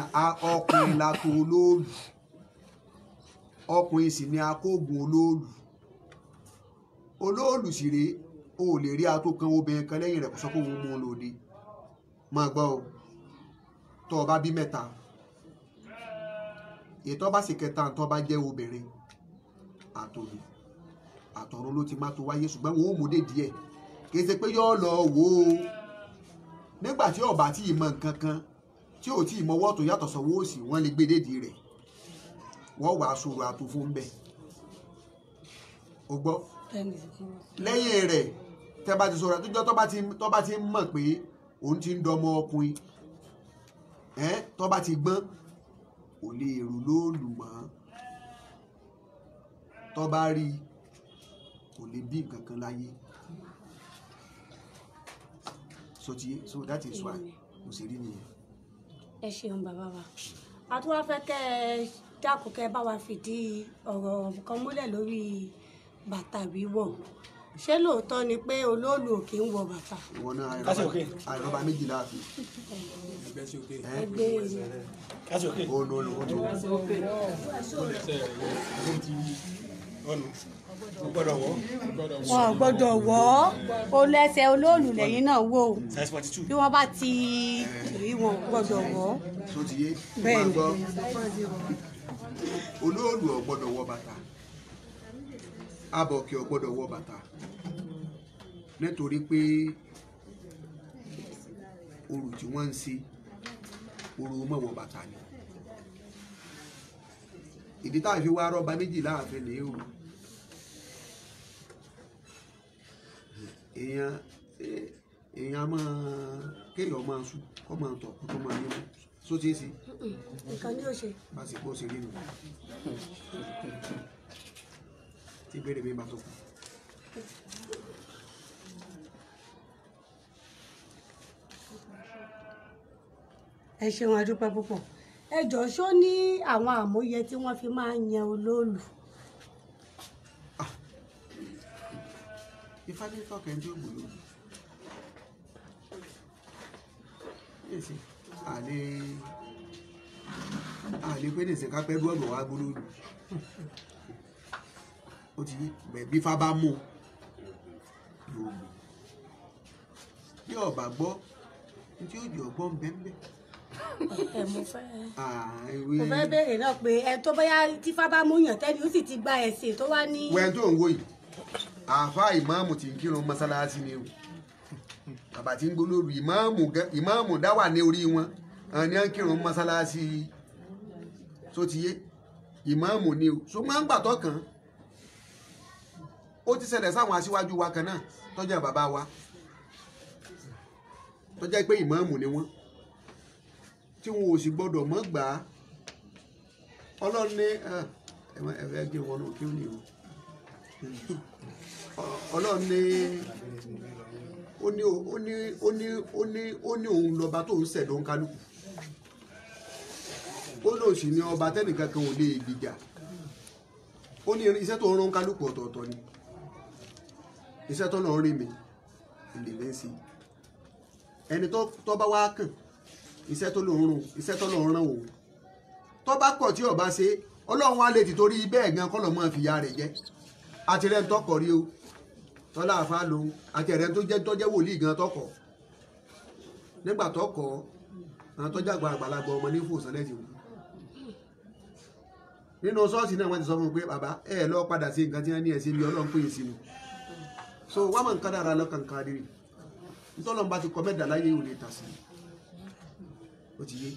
ọkùnrin la olóòlù ọkùnrin sì ni akógun olóòlù olóòlù sì rèé o ò lè rí ató kan obìnrin kan lẹ́yìn rẹ̀ kó sọ pé òun mú un lòdì máa gbọ́ o tó o bá bí mẹ́ta ètò ọba sì kẹta tó bá jẹ́ obìnrin àtòlù àtọ̀run ló ti má tó wáyé ṣùgbọ́n wọn ò mú dé díẹ̀ kì í ṣe pé yóò lọ wò ó nígbà tí ọba tí ì mọ nǹkan kan tí ò tí ì mọ ọwọ́ yàtọ̀ sọ́wọ́ òsì wọ́n lè gbé dédìí rẹ̀ wọ́n wàá sọ̀rọ̀ àtòfó ń bẹ̀ o gbọ́ lẹ́yìn rẹ̀ tẹ́ bá ti sọ̀rọ̀ àtòjọ́ tó bá ti mọ̀ pé òun ti ń dọmọ ọkùnrin ẹ́ tó bá ti gbọ́n ò lè rù lóòlù mọ́ tó bá rí kò lè bí nǹkan láyé so ti so that is why mo sì rí nìyẹn. ẹ ṣeun bàbá wa a tún wá fẹ́ kẹ́ ẹ dákun kẹ́ bá wa fìdí ọ̀rọ̀ kan múlẹ̀ lórí bàtà wíwọ̀ ṣé lóòótọ́ ni pé olóòlù òkè ń wọ bàtà. ìwọ náà àìrọ́bà méjì láàfin. ẹgbẹ́ sí òkè. ẹgbẹ́ sí òkè. olú olú olú. wọn gbọ́dọ̀ wọ ó lẹ́sẹ̀ olóòlù lẹ́yìn náà wò ó bí wọn bá ti rí wọn gbọ́dọ̀ wọ. bẹ́ẹ̀ni olóòlù ò gbọ́dọ̀ wọ bàtà abọ̀kẹ́ ò gbọ́dọ̀ wọ bàtà nítorí pé orò tí wọ́n ń ṣe orò mọ̀wọ̀ bàtà ni ìdí táà fi wá rọ́bà méjì láàfin ní òru èèyàn èèyàn máa kéèyàn máa sùn kó máa tọ̀ kó tó máa yẹ tó ti sí. nǹkan ní òṣè. bá a sì kó òṣèré nù. tí béèrè mi bá tó kù. ẹ ṣeun adúpẹ́ púpọ̀ ẹ jọ ṣó ní àwọn àmúyẹ tí wọ́n fi máa ń yan olóòlù. Ah. ifá ní tọkẹ́ ń dúró gbòòrò àlè àlè pé nìsín ká pẹ́ bọ́ọ̀lù wá gbóló lù ó ti bẹ̀bí fá bá mú yóò gbé bí ọba gbọ́ tí ó jọ gbọ́ bẹ́ẹ̀ ẹ mo fẹ́ mo fẹ́ béèrè náà pé ẹ tó bá yá tí fá bá mú yàn tẹ́lẹ̀ ó sì ti gba ẹ̀sìn tó wá ní. wẹ́n tó ń wò yìí àáfàá ìmáàmù ti ń kírun mọ́sálásí ni o bàbá tí ń gbólóru ìmáàmù dá wà ní orí wọn ní à ń kírun mọ́sálásí sotiye ìmáàmù ni o so máa ń gbàtọ́ kan ó ti ṣẹlẹ̀ sáwọn aṣíwájú wa kan náà tó jẹ́ bàbá wa tó jẹ́ pé ìmáàmù ni wọ́n tí wọn ò sì gbọ́dọ̀ mọ́ gbà á ọlọ́run ní ẹ̀fẹ́ gé wọn kí ó ní o ọlọ́run ní ó ní ó ní ó ní ó ní ó ní òun lọ́ba tó ń ṣẹ̀dọ̀ ń kálukú ó lóun sì ní ọba tẹ́nìkan kan ò lè gbìjà ó ní iṣẹ́ tó ń rán kálukú ọ̀tọ̀ọ̀tọ̀ ni iṣẹ́ tó náà rí mi ìlèlè ń sí ẹni tó bá wá kàn iṣẹ́ tó lòun rún iṣẹ́ tó lòun rán òun tó bá kọ̀ tí ọba ṣe ọlọ́run á lè ti torí bẹ́ẹ̀ gan kọ́ lọ́mọ fìyà rẹ̀ jẹ́ àtìrẹ́ńtọ́kọ̀ rí o tọ́lá àfa lòun àti ẹ̀rẹ́ tó jẹ́ tọ́jẹ́ wòlíì gan tọkọ̀ nígbà tọkọ̀ àwọn tọ́jà àgbà àgbàlagbà ọmọ ní fòsàn lẹ́sìn wò nínú ṣọ́ọ̀ṣì náà wọ́n ti sọ fún un pé bàbá ẹ lọ padà sí nǹkan tí wọ́n ní ẹ̀sìn bí ọlọ́run pè é ni so wọ́n mọ̀ nǹkan dára lọ́kàn kan rí nítọ́lọ́n bá ti kọ mẹ́ta láyé ò lè tà sí i ó ti yé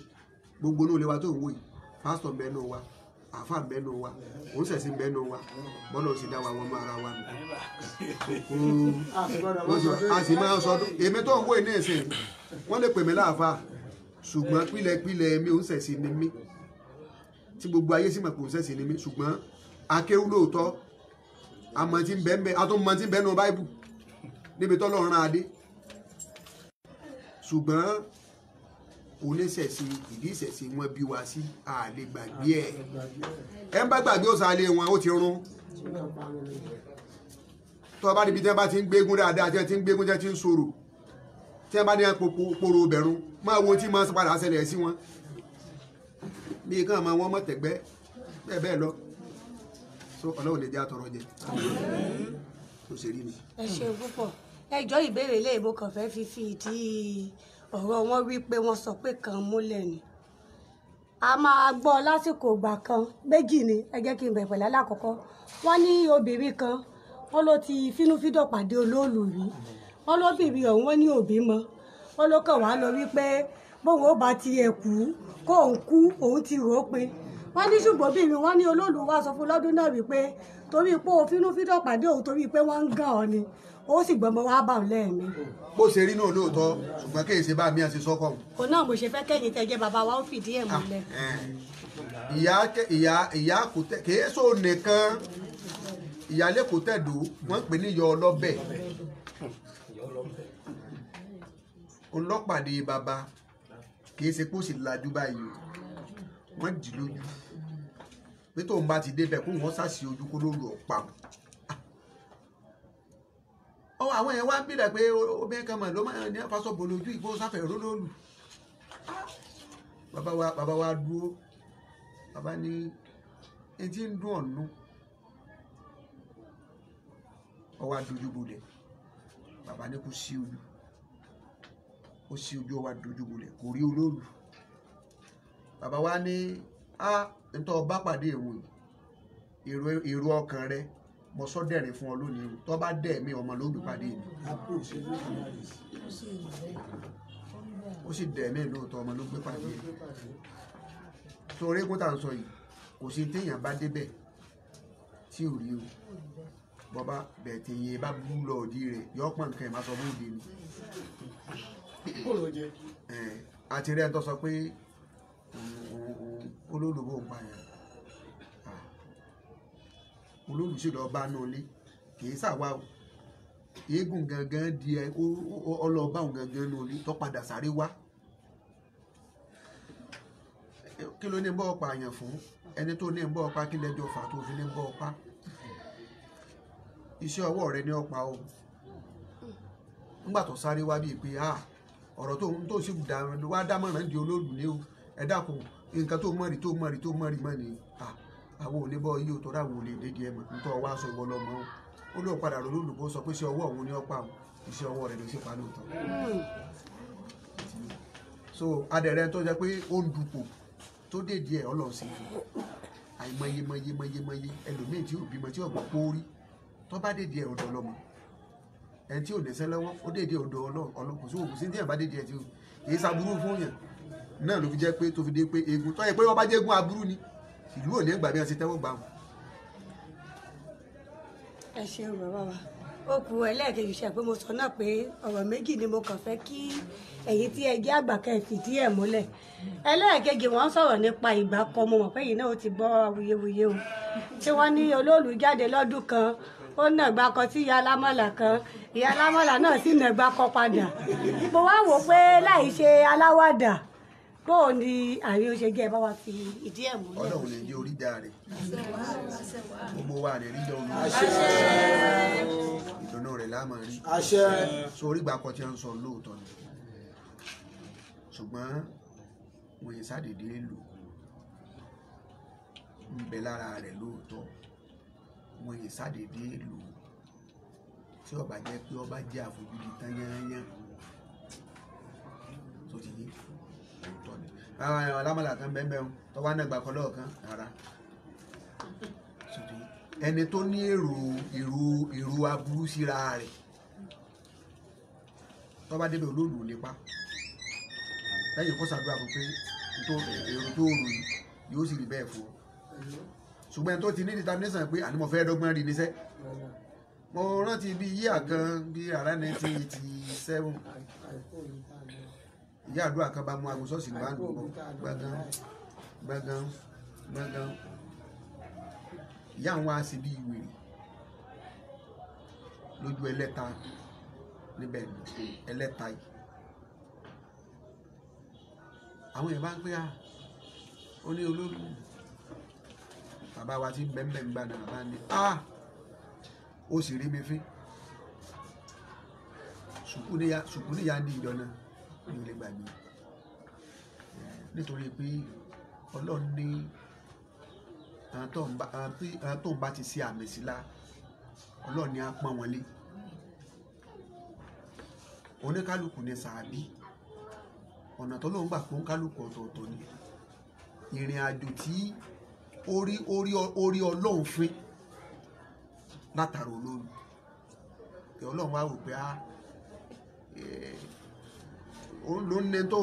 gbogbo olóòlé wa tó ń wò yìí pásítọ̀ mbẹ́nu wa àfa mẹ́nu wa òun sẹ̀sí mẹ́nu wa bọ́lá ò dá wa wọ́n mọ́ ara wa nù. a sì máa sọ èmi tó ń wó iná ẹ̀sìn wọ́n lè pè mí láàfa ṣùgbọ́n pílẹ̀pílẹ̀ mi òun sẹ̀sí ni mí tí gbogbo ayé sì mọ̀ pé òun sẹ̀sí ni mí ṣùgbọ́n akéwú lóòótọ́ àmọ́ tí ń bẹ́ẹ̀ bẹ́ẹ̀ àtúntò tí níbi tọ́lọ́run adé ṣùgbọ́n oníṣẹ̀ṣe ìdí ìṣẹ̀ṣe wọn bí wa sí àlè gbàgbé ẹ̀ ẹ ń bá gbàgbé òsàlẹ̀ wọn ó ti rún tó o bá níbi tí wọn bá ti ń gbégún dáadáa tí wọn ti ń gbégún tí wọn ti ń sọ̀rọ̀ tí wọn bá ní poro bẹ̀rù máa wo tí máa padà ṣẹlẹ̀ sí wọn bí kan máa wọn mọ̀tẹ̀gbẹ́ bẹ́ẹ̀ bẹ́ẹ̀ lọ so ọlọ́run lè jẹ́ àtọ̀rọ̀ jẹ tó ṣe rí ni. ẹ ṣe púpọ̀ ẹjọ́ ìbéèrè ilé ìbò kan fẹ́ fi fi ìdí ọ̀rọ̀ wọn rí i pé wọ́n sọ pé kan múlẹ̀ ni a máa gbọ́ lásìkò ìgbà kan méjì ni ẹ jẹ́ kí n bẹ̀rẹ̀ pẹ̀lú alákọ̀ọ́kọ́ wọ́n ní obìnrin kan wọ́n ló ti fínúfíndọ̀ pàdé olóòlù rí wọ́n lóbìnrin ọ̀hún wọ́n ní òbí mọ́ wọ́n ló kàn wá lọ wípé bóun ó bá tiẹ̀ kú kó òun kú òun ti rò ó pé wọ́n ní ṣùgbọ́n obìnrin wọ́n ní olóòlù wá sọ fún lọ́dún náà wípé torí pé òfin pàdé òun torí pé wọ́n ń gàn ọ́ ni ó sì gbọ́n mọ́ wá bà ọ́ lẹ́ẹ̀mí. bó ṣe rí náà lóòótọ́ ṣùgbọ́n kí èsì bá mi àti sọ́kọ̀. kò náà mo ṣe fẹ́ kẹ́yìn tẹ́ jẹ́ bàbá wa ó fìdí ẹ̀ ah, múlẹ̀. ìyá ìyá ìyá kò tẹ kéésò nìkan ìyálé kò tẹ̀dó wọ́n ń pè ní yọ ọlọ́bẹ̀ ọlọ́pàdé bàbá kì í ṣe pé ó sì lajú báyìí wọ́n dì lójú pé tóun bá ti débẹ̀ kó wọ́n sàṣì ojú kó lóru ọ̀pá ọwọ́ àwọn yẹn wá ń bìlẹ̀ pé obìnrin kan mọ̀ ló máa ní afasọ bòlò ojú ìgbó sáfẹ̀ rólólù bàbá wa bàbá wa dúró bàbá ní etí ń dún ọ̀nù ọwọ́ adójú bolẹ̀ bàbá ní kò sí ojú ó sí ojú ọwọ́ adójú bolẹ̀ kò rí olóòlù bàbá wa ní a ah, ntọ́ ọba pàdé ìwòyí èrò ọkàn rẹ̀ mo sọ dẹ̀rìn fún ọ lónìí o tó bá dẹ̀ mí ọmọ ló gbé pàdé mi. ó sì dẹ̀ mí lóòótọ́ ọmọ ló gbé pàdé mi. torí kó tà ń sọ yìí kò sí téèyàn bá débẹ̀ tí ò rí o bọ́bá bẹ̀ téèyàn bá bú lọ òdì rẹ̀ yọ pọ̀ nǹkan ẹ̀ máa sọ bóde ni. àti rẹ̀ ń tọ́ sọ pé olólùbọ̀ ń pààyàn. olólùṣèlú si náà ọba kìí sàwa o eégún gangan di ọlọ́ọ̀bá òun gangan náà lé tó padà sáré wá kí ló ní bọ́ ọ̀pá àyàn fún ẹni tó ní bọ́ ọ̀pá kí lẹ́jọ́ fà tó fi ní bọ́ ọ̀pá iṣẹ́ ọwọ́ rẹ ní ọ̀pá o ńgbà sáré wá bíi pé ah ọ̀rọ̀ tó tó sì di ní ẹ nǹkan tó mọ̀rì tó mọ̀rì tó àwọn ò lè bọ́ yí o tọ́ra dédìí ẹ̀mọ̀ nítorí ọwọ́ aṣọ ìwọ lọ́mọ o ó lóò padà ronú olùkó sọ pé iṣẹ́ ọwọ́ òun ni ó pa òun iṣẹ́ ọwọ́ rẹ̀ ló ṣe pa lóòótọ́ so adẹ̀rẹ̀ tó jẹ́ pé ó ń dupò tó dédìí ẹ̀ ọlọ́run sì fún àìmọye mọye mọye mọye ẹlòmíì tí ò bímọ tí ọ̀gbọ́n pórí tó bá dédìí ẹ̀ ọ̀dọ̀ ọlọ́mọ ẹ̀ tí ò nẹ́sẹ́ lọ́wọ́ ó dédìí ọ̀dọ̀ ọlọ́run kò sí òkú sí ní ẹ̀ bá dédìí ẹ̀ tí ò èyí sàbúrú fún yàn náà ló fi jẹ́ pé tó fi dé pé egun tó yẹ pé ìlú òní ẹgbàá bí wọn ti tẹ́wọ́ gbà wọn. ẹ ṣeun bàbá wa ó kù ẹlẹ́ẹ̀kejì ṣe pé mo sọ náà pé ọ̀rọ̀ méjì ni mo kàn fẹ́ kí ẹ̀yin tí ẹ àgbà kẹ́ ẹ ẹ̀ múlẹ̀ ẹlẹ́ẹ̀kejì wọ́n sọ̀rọ̀ nípa ìgbà kan mo mọ̀ pé yìí náà ó ti gbọ́ awuyewuye o tí wọ́n ní olóòlù jáde lọ́dún kan ó nà gba kan sí ìyá alámọ̀là kan ìyá alámọ̀là náà sì nà gba kan padà mo wá wò pé láì ṣe aláwàdà bóò ni àárín ó ṣe jẹ́ bá wa fi ìdí ẹ̀ múlẹ̀. ọlọ́run lè jẹ́ orí dáre gbogbo wa rẹ̀ rí dánwó. ìdùnnú rẹ̀ láàmú rí. so orí gbàkọ tí wọ́n ń sọ lóòótọ́ ni ṣùgbọ́n wọ́n yẹn sádèdè lò ń bẹ lára rẹ̀ lóòótọ́ wọ́n yẹn sádèdè lò tí ọba jẹ́ pé ọba jẹ́ àfojúdi tán yányán tó ti yé alámàlà kan bẹ́ẹ̀ bẹ́ẹ̀ tó wá nàgbà kan lọ́ọ̀kan rárá ẹni tó ní èrò èrò èrò aburú síra rẹ̀ tó bá débẹ̀ olóòlù nípa lẹ́yìn kó ṣàdúrà fún pé èrò tó rò yìí yóò sì rí bẹ́ẹ̀ fún ọ ṣùgbọ́n tó ti ní determination pé àní mo fẹ́ dọ́gbọ́n rí níṣẹ́ mo rántí bí yíyà kan bí ara nineteen eighty seven ìyá àdúrà kan bá mú aago ṣọ́ọ̀ṣì ní báńdù bọ̀ gbàgán gbàgán gbàgán ìyá àwọn wá sí bí ìwèrè lójú ẹlẹ́ta níbẹ̀ ẹlẹ́ta yìí àwọn èèyàn bá ń pè á ah, ó ní olóògùn bàbá wa ti bẹ́ẹ̀ ń gbàdàn bàbá ni á ah! ó sì rí mi fín sùkúrú níyà ń di ìdọ́nà mi ò lè gbàgbé nítorí pé ọlọ́run ní àwọn tó ń bá ti ṣe àmì sílá ọlọ́run ní á pọ́n wọn lé oníkálukú ní sàábí ọ̀nà tó lóun gbà pé oníkálukú ọ̀tọ̀ọ̀tọ̀ ni ìrìn àjò tí orí orí orí ọlọ́run fún látàrí olórí ọlọ́run wá rò pé á ah, eh, ló ń lé tó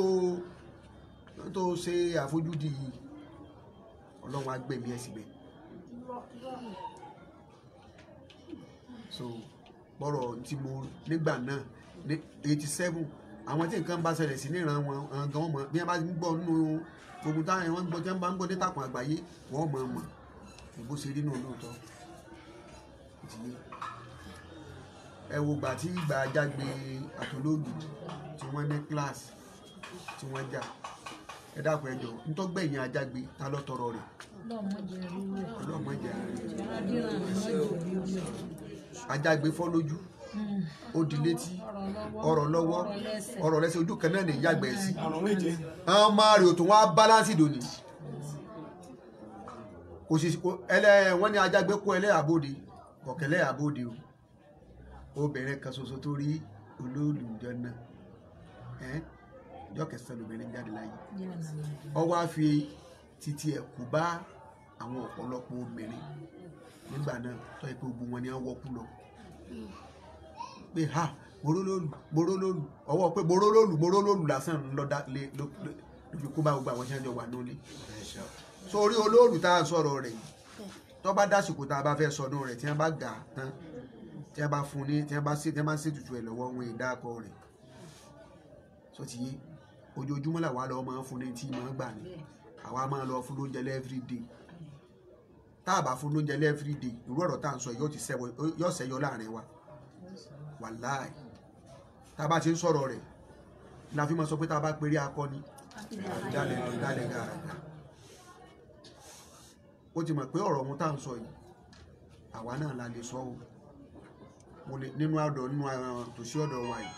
tó ṣe àfojúdi ọlọ́run agbẹ̀mí ẹ̀ síbẹ̀ so bọ́rọ̀ tí mo nígbà náà ní eighty seven àwọn tí nǹkan bá ṣẹlẹ̀ sí níran wọn gan wọn mọ̀ bí wọ́n bá ń gbọ́ nínú gbogbo táwọn wọn ń gbọ́ tí wọ́n bá ń gbọ́ nítàkùn àgbáyé wọ́n mọ̀ mọ̀ ìbò ṣe rí náà lóòótọ́ ẹ wo gbà tí ìgbà ajá gbé àwọn ní kíláàsì tí wọ́n jà ẹ dákun ẹ jọ ntọ́gbẹ̀yìn ajágbe ta ló tọrọ rẹ̀ ọlọ́mọdé ajágbe fọ́ lójú ó di létí ọ̀rọ̀ lọ́wọ́ ọ̀rọ̀ lẹ́sẹ̀ ojú kan náà ní yàgbẹ́ sí àwọn máa rí òtún wá kò sì ẹlẹ́ wọ́n ní ajágbe kó ẹlẹ́ o obìnrin kan ṣoṣo tó rí náà. ọjọ́ kẹsàn-án lóbìnrin jáde láyé ọwọ́ á fi títí ẹ̀kú bá àwọn ọ̀pọ̀lọpọ̀ obìnrin nígbà náà tó yẹ pé gbogbo wọn ni wọ́n wọ́kú lọ pé ha borólólù borólólù ọwọ́ pé borólólù borólólù lásán lọ́dá lójú kó bá gbogbo àwọn ìṣẹ́jọ wà lónìí sórí olóòlù tá a sọ̀rọ̀ rẹ̀ yìí tó bá dásìkò tá a bá fẹ́ sọdún rẹ̀ tí wọ́n bá gà á tán tí wọ́n bá fún ní tí wọ́n bá sí tí wọ́n bá sí tutù ẹ̀ lọ́wọ́ wọn ìdákọ̀ rẹ̀ tó ti yé ojoojúmọ́ làwa lọ máa ń fún ní tí máa ń gbà ní àwa máa lọ fún lóúnjẹ every day tá a bá fún lóúnjẹ every day irú ọ̀rọ̀ tá à ń sọ yóò ti ṣẹ́yọ láàrin wa wàláì tá a bá ti ń sọ̀rọ̀ rẹ̀ la fi máa sọ pé tá a bá péré akọni ìdálẹ̀ ìdálẹ̀ gàràgà o ti mọ̀ pé ọ̀rọ̀ ohun tá à ń sọ yìí àwa náà la lè sọ o nínú àdọ̀ nínú tòsí ọ̀dọ̀ wa yìí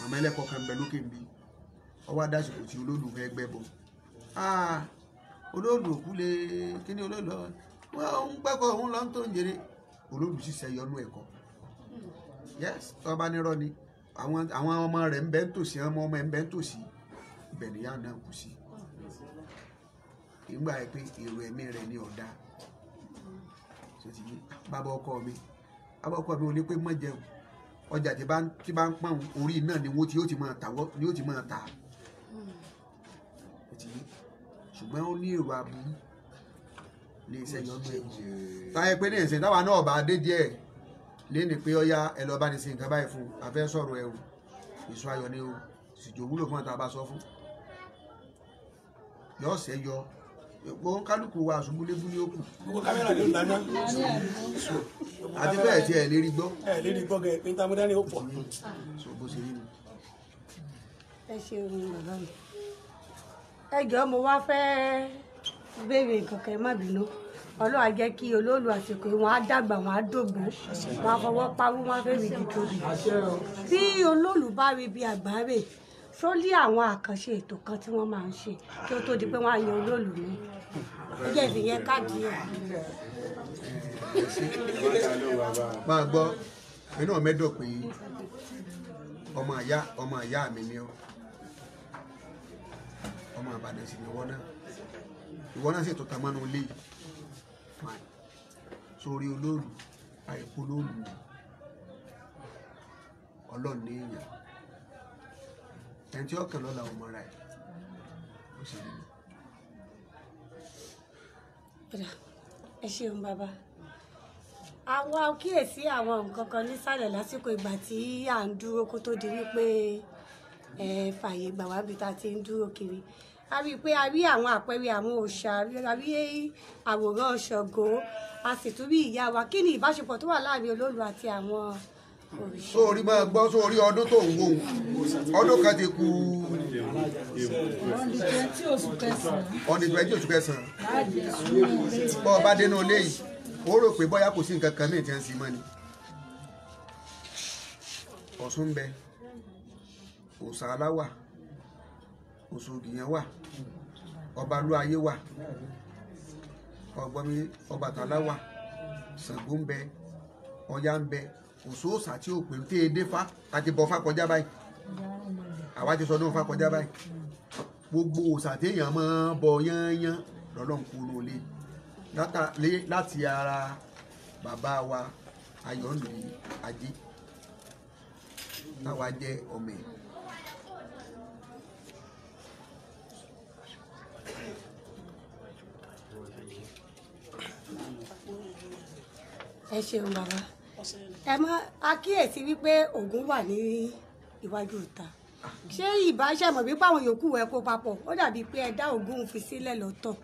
màmá ẹlẹ́kọ̀ọ́ kan bẹ lókè ń ọwọ́ adásìkò tí olóòlù fẹ́ gbẹ́ bọ̀ ah, olóòlù òkú lè kíní olóòlù wọn ń gbẹ́kọ̀ òun lọ ń tó ń jèrè olóòlù sì sẹ́yọnú ẹ̀kọ́ yes ọba nírọ́ ni àwọn ọmọ rẹ̀ ń bẹ ń tòsí ọmọ ọmọ ẹ̀ ń bẹ ń tòsí ibẹ̀ níyà náà kù sí ìgbà yẹn pé èrò ẹ̀mí rẹ̀ ní ọ̀dà bàbá ọkọ mi bàbá ọkọ mi ò ní pé mọ̀ jẹun ọjà tí bá ń pọ̀n orí náà ni wọ́n ti yóò ti máa tà ìdí ṣùgbọ́n ó ní èrò aburú lè ṣẹyọ gbé táyé pé ní ìsìn táwa náà bá dé díẹ̀ léni pé ọyá ẹ lọ bá ní sin nǹkan báyìí fún afẹ́ sọ̀rọ̀ ẹ o èso ayọ̀ ni o ṣìjò wúlò fún ọ̀tá bá sọ fún yọ ọ̀sẹ̀ yọ gbogbo kálukú wa àṣùgbúlébú ní òkú. gbogbo kámẹ́rà ló ń dáná. àti bẹ́ẹ̀ tí ẹ̀ lérí gbọ́. ẹ̀ lérí gbọ́ gẹ̀ pé tamudani ó pọ̀. sọ ṣe rí bàbá mi ẹjọ́ mo wá fẹ́ béèrè nǹkan kan ẹ má bínú ọlọ́run á jẹ́ kí olóòlù àsìkò wọn á dàgbà wọn á dògbò wọn á fọwọ́ pawú wọn á fẹ́ mi dìtòdì bí olóòlù bá rí bí àgbáre tó lé àwọn àkànṣe ètò kan tí wọ́n máa ń ṣe kí ó tó di pé wọ́n á yan olóòlù ní ẹjẹ́ ìfìyẹn káàdì ẹ̀. máa gbọ́ inú mẹ́dọ̀ pé ọmọ àyá ọmọ àyá mi ni ọ́ ọmọ àbàdàn sì ni ìwọ náà ìwọ náà sì tó ta mọ́nú ilé fine sórí olóòlù àìkú olóòlù ọlọ́run ní èèyàn ẹni tí ọkàn lọ́la ọmọ rẹ̀ ó sì rí mi. ẹ ṣeun bàbá àwa kíyèsí àwọn nǹkan kan nísàlẹ̀ lásìkò ìgbà tí à ń dúró kó tó di wípé fààyè gbà wá bí tá a ti ń dúró kiri a rí i pé a rí àwọn àpẹẹrẹ àwọn òòṣà a rí àwòrán Ṣàngó a sì tún rí ìyá wa kí ni ìbáṣepọ̀ tó wà láàrin olóòlù àti àwọn òòṣà. sórí máa gbọ́ sórí ọdún tó ń wò ọdún kan ti kú ọdún twenty oṣù kẹsàn-án bọ́ ọ bá dénú ilé yìí ó rò pé bóyá kò sí nǹkan kan mìíràn tí wọ́n ń sin ọ̀sùn ń bẹ òòṣà alá wà òṣogì yẹn wà ọba ló ayé wà ọgbọ́n mi Ọbàtálá wà Ṣàngó ń bẹ Ọya ń bẹ òṣòòṣà tí ò pè ń téèdé fa àti bọ̀ fa kọjá báyìí àwa ti sọdún fa kọjá báyìí gbogbo òòṣà téèyàn máa bọ yányán lọ́lọ́run lé láti ara bàbá wa Ayọ̀ǹdè Ajé táwa jẹ́ ọmọ ẹ̀. ẹ ṣeun bàbá ẹ má akíyèsí wípé ògùn wà ní iwájú ìta ṣé ìbáṣẹmọ wípé àwọn yòókù ẹ kó papọ̀ ó dàbí pé ẹ dá ògùn fi sílẹ̀ lọ́tọ̀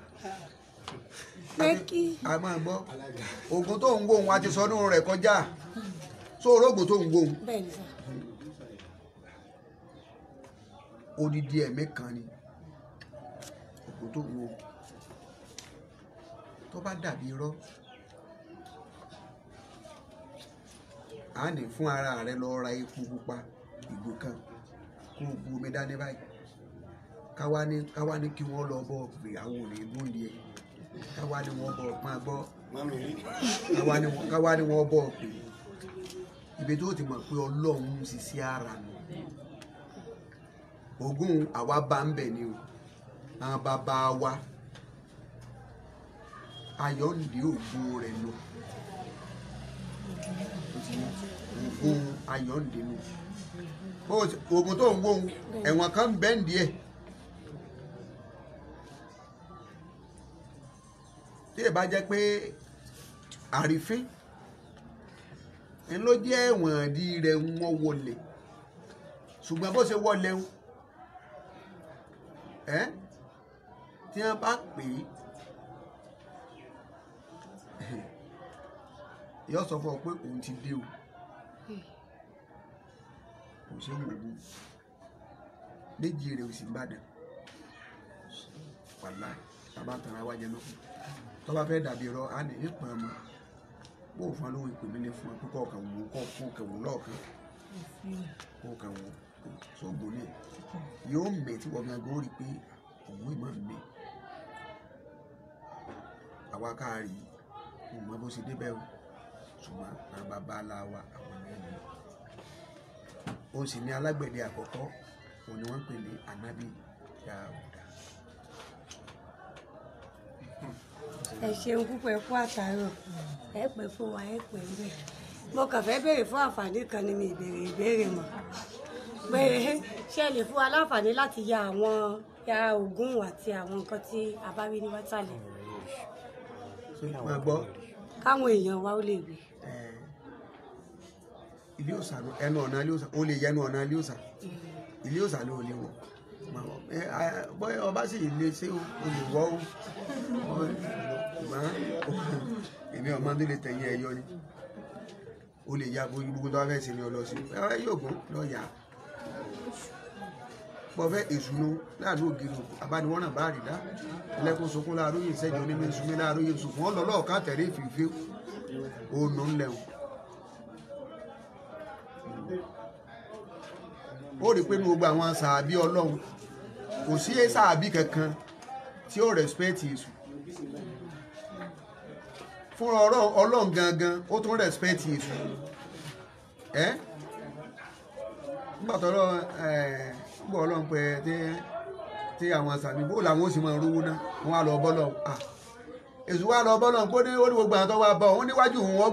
pẹ́kí. a máa gbọ́ ògùn tó ń wò wọn a ti sọdún rẹ̀ kọjá tó orógùn tó ń wò wọn. odidi ẹ̀mí kan ni ògùn tó ń wò tó bá dàbí irọ́ a ní fún ara rẹ lọ ra ikú pupa ìgò kan kó o bu omi dání báyìí káwá ní kí wọ́n lọ bọ́ ìyàwó rẹ̀ lóde ẹ̀ káwá ní wọ́n bọ̀ ara nù ogun àwa bá ń ni o àwọn bàbá wa ayọ̀ ògo ayọ̀ǹdẹ̀nu oògùn tó ń wóhun ẹ̀wọ̀n kan bẹ́ǹdì ẹ̀ tí ì bá jẹ́ pé àrífín ń ló jẹ́ ẹ̀wọ̀n ìdí rẹ̀ wọ́n wọlé ṣùgbọ́n bó ṣe wọlé ń ẹ́ tí wọ́n bá pè é yóò sọ fún ọ pé òun ti dé o kò ṣe é wò méjì rẹ̀ ò sì gbàdàn tàbá tara wájẹ lókun tó bá fẹ́ dàbí rọ á ní ìpọn ọmọ bó fún alóhùn ìpè mí lé fún ẹ pé kọ́ ọ̀kan wò kọ́ fún ọ̀kan wò lọ́ọ̀kan kọ́ ọ̀kan wò sọ́gbó lé yóò mẹ́ tí wọ́n gbàgbọ́ rí pé òun ìmọ̀ mi àwa káàrí òun mọ bó ṣe débẹ̀ o ṣùgbọ́n àwọn bàbá ńlá wa àwọn ní ìlú òun sì ni alágbẹ̀dẹ àkọ́kọ́ òun ni wọ́n ń pè ní ànábì dáadáa. ẹ ṣeun púpọ̀ ẹ kú àtàárọ̀ ẹ pẹ́ fún wa ẹ pẹ́ bẹ́ẹ̀ mo kàn fẹ́ béèrè fún àǹfààní kan ni mi ìbéèrè ìbéèrè mọ̀ pé ṣé ẹ lè fún wa láǹfààní láti ya àwọn ya oògùn àti àwọn nǹkan tí a bá rí ní wátàlẹ̀. máa gbọ́. káwọn èèyàn wa ó lè rí ilé òsà ẹnu ọ̀nà ilé òsà ó lè yẹnu ọ̀nà ilé òsà ilé òsà ló lè wọ̀ bóyá ọba sì lè ṣe o lè wọ́ o èmi ọmọ tó lè tẹ̀yìn ẹ̀yọ ni o lè ya gbogbo tó wá fẹ́ sí ni ọlọ́sìn ẹ yóò gbọ́n lọ́ọ̀yà pọfẹ èsùnú láàrin ògiri abániwọ́nà bá rí dá ẹlẹ́kùn sunkún láàróyè ìṣẹ́jọ́ onímọ̀ ìsúnmí láàróyè ìsùnkún ọlọ́lọ́ọ̀ká tẹ̀lé ìfìfẹ́ òòlù ńlẹ̀ o. ó rí i pé ní gbogbo àwọn sàábí ọlọ́run kò sí sàábí kankan tí ó respect Fún ọ̀rọ̀ ọlọ́run gangan ó tún respect Jésù ẹ́ nígbà tó lọ gbọ́ ọlọ́run pé tí àwọn sàmì bó làwọn ó sì máa rówó náà wọ́n á lọ bọ́lọ̀ èsù wa lọ bọ́lọ̀ pé ó ní gbogbo àwọn tó wá wọ́n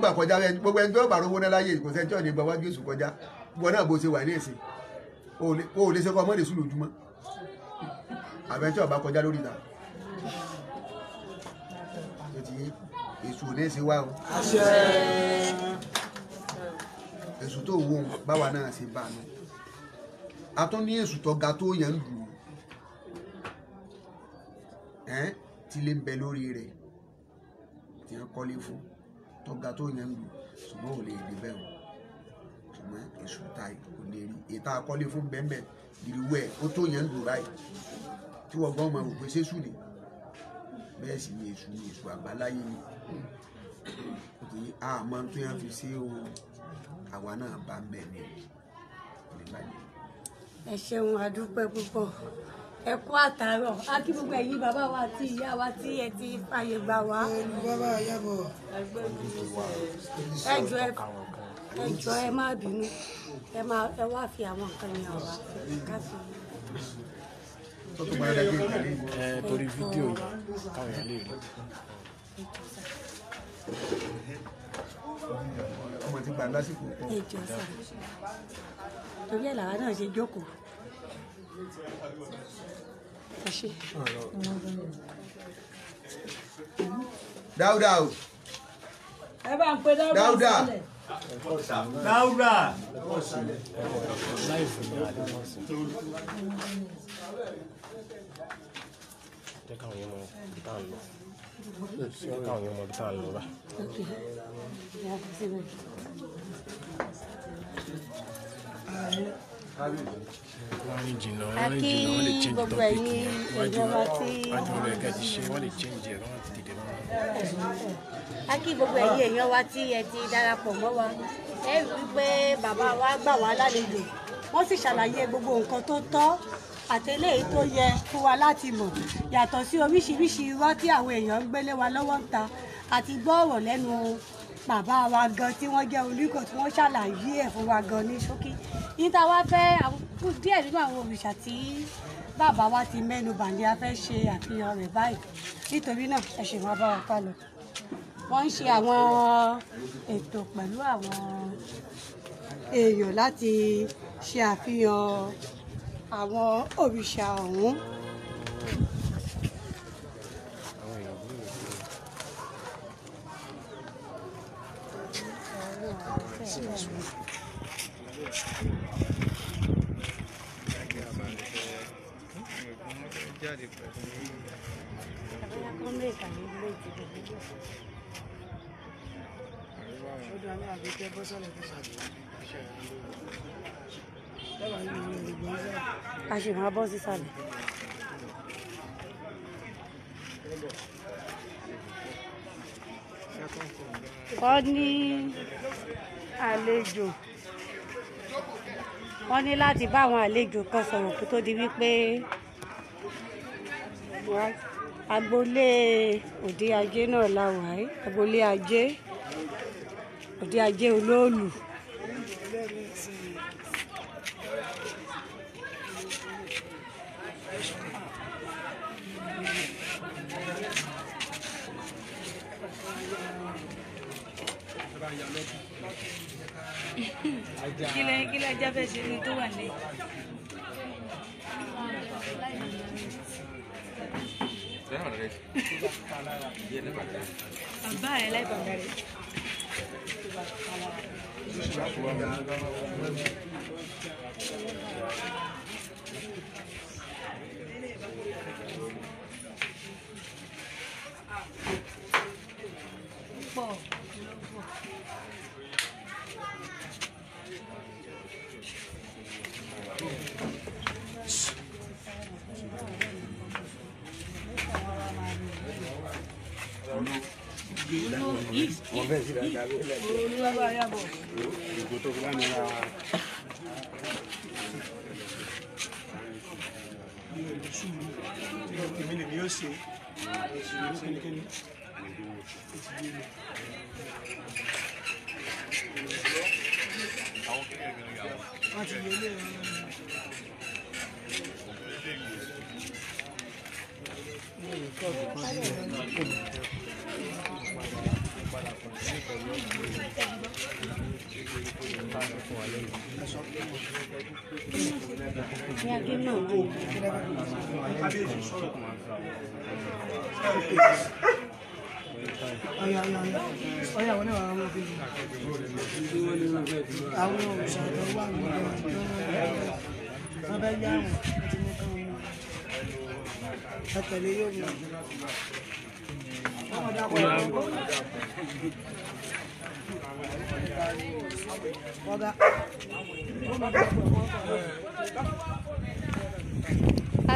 gbà kọjá gbogbo ẹni tó ní kó o lè ṣe kọ́ ọmọ èdè sùn lójúmọ́ àbẹ̀tí ọba kọjá lórí ìta èsù ò ní ṣe wá o èsù tó wò ó báwa náà ṣe bá a nù a tún ní èsù tó ga tó yàn ń dùn ẹ́ tí lè ń bẹ lórí rẹ̀ tí wọ́n kọ́lé fún tó ga tó yàn ń dùn ṣùgbọ́n ò lè dé bẹ́ẹ̀ o ṣùgbọ́n èṣù ta kò lè rí ètò àkọlé fún bẹ́ẹ̀bẹ́ ìrìwọ́ ẹ̀ ó tó yẹn ń lò ráì tí wọ́n gbọ́n máa wò pé ṣéṣù ni bẹ́ẹ̀ sì ni èṣù ni èṣù àgbáláyé ni kì í àmọ́ tó yẹn fi ṣe o àwa náà bá ń bẹ̀ ni o ní báyìí. ẹ ṣeun a dúpẹ́ púpọ̀ ẹ kú àtàárọ̀ a kí gbogbo ẹ̀yin bàbá wa àti ìyá wa tí ẹ ti fàyè gbà wá. ẹ jọ ẹ ẹjọ ẹ má bínú ẹ má ẹ wá fi àwọn nǹkan yẹn ọ̀rá ká fi. ẹ torí fídíò yìí káwọn yẹn lè rí. ọmọ ti gbà lásìkò. ẹjọ sà torí ẹ làwa náà ṣe jókòó. dáúdáú. ẹ bá ń pe dáúdáú sílẹ̀. Laura. Tekan yung mga bitan mo. Tekan yung mga bitan mo ba? Okay. Yeah, sige. wọ́n a kí gbogbo ẹ̀yin èèyàn wa tí ẹ ti darapọ̀ mọ́ wa ẹ rí pé bàbá wa gbà wá lálejò wọ́n sì ṣàlàyé gbogbo nǹkan tó tọ́ àtẹlẹ́yìí tó yẹ fún wa láti mọ̀ yàtọ̀ sí oríṣiríṣi irọ́ tí àwọn èèyàn ń gbélé wa lọ́wọ́ ń ta àti gbọ́ ọ̀rọ̀ lẹ́nu bàbá wa gan tí wọ́n jẹ́ olùkọ́ tí wọ́n ṣàlàyé ẹ̀ fún wa gan ní ṣókí níta wá fẹ́ díẹ̀ nínú àwọn òrìṣà tí bàbá wa ti mẹ́nu bà ni a fẹ́ ṣe àfihàn rẹ̀ báyìí nítorí náà ẹ ṣe máa bá wa ká lọ wọ́n ń ṣe àwọn ètò pẹ̀lú àwọn èèyàn láti ṣe àfihàn àwọn òrìṣà ọ̀hún. sins. A ṣe máa bọ́ sísàlẹ̀. Ó ní àlejò wọ́n ní láti bá àwọn àlejò kan sọ̀rọ̀ kó tó di wípé agboolé òde ajé náà la wà agboolé ajé òde ajé olóòlù. kílẹ̀ kílẹ̀ ajá fẹ́ ṣe ni tó wà ní. bàbá rẹ̀ láì rẹ̀. Bom. wọ́n fẹ́ síra ká ló lẹ̀ jẹ́ ìgò tó bá nira. èmi lèmi yóò ṣe ìṣòro kínníkínní. wọ́n ti yẹ ilé ẹ̀rọ. Ọya wọn náà wà wọn bí àwọn òṣèlú wà wọn wọn bẹ yá wọn àti mọ káwọn náà àtẹlẹ yóò mọ a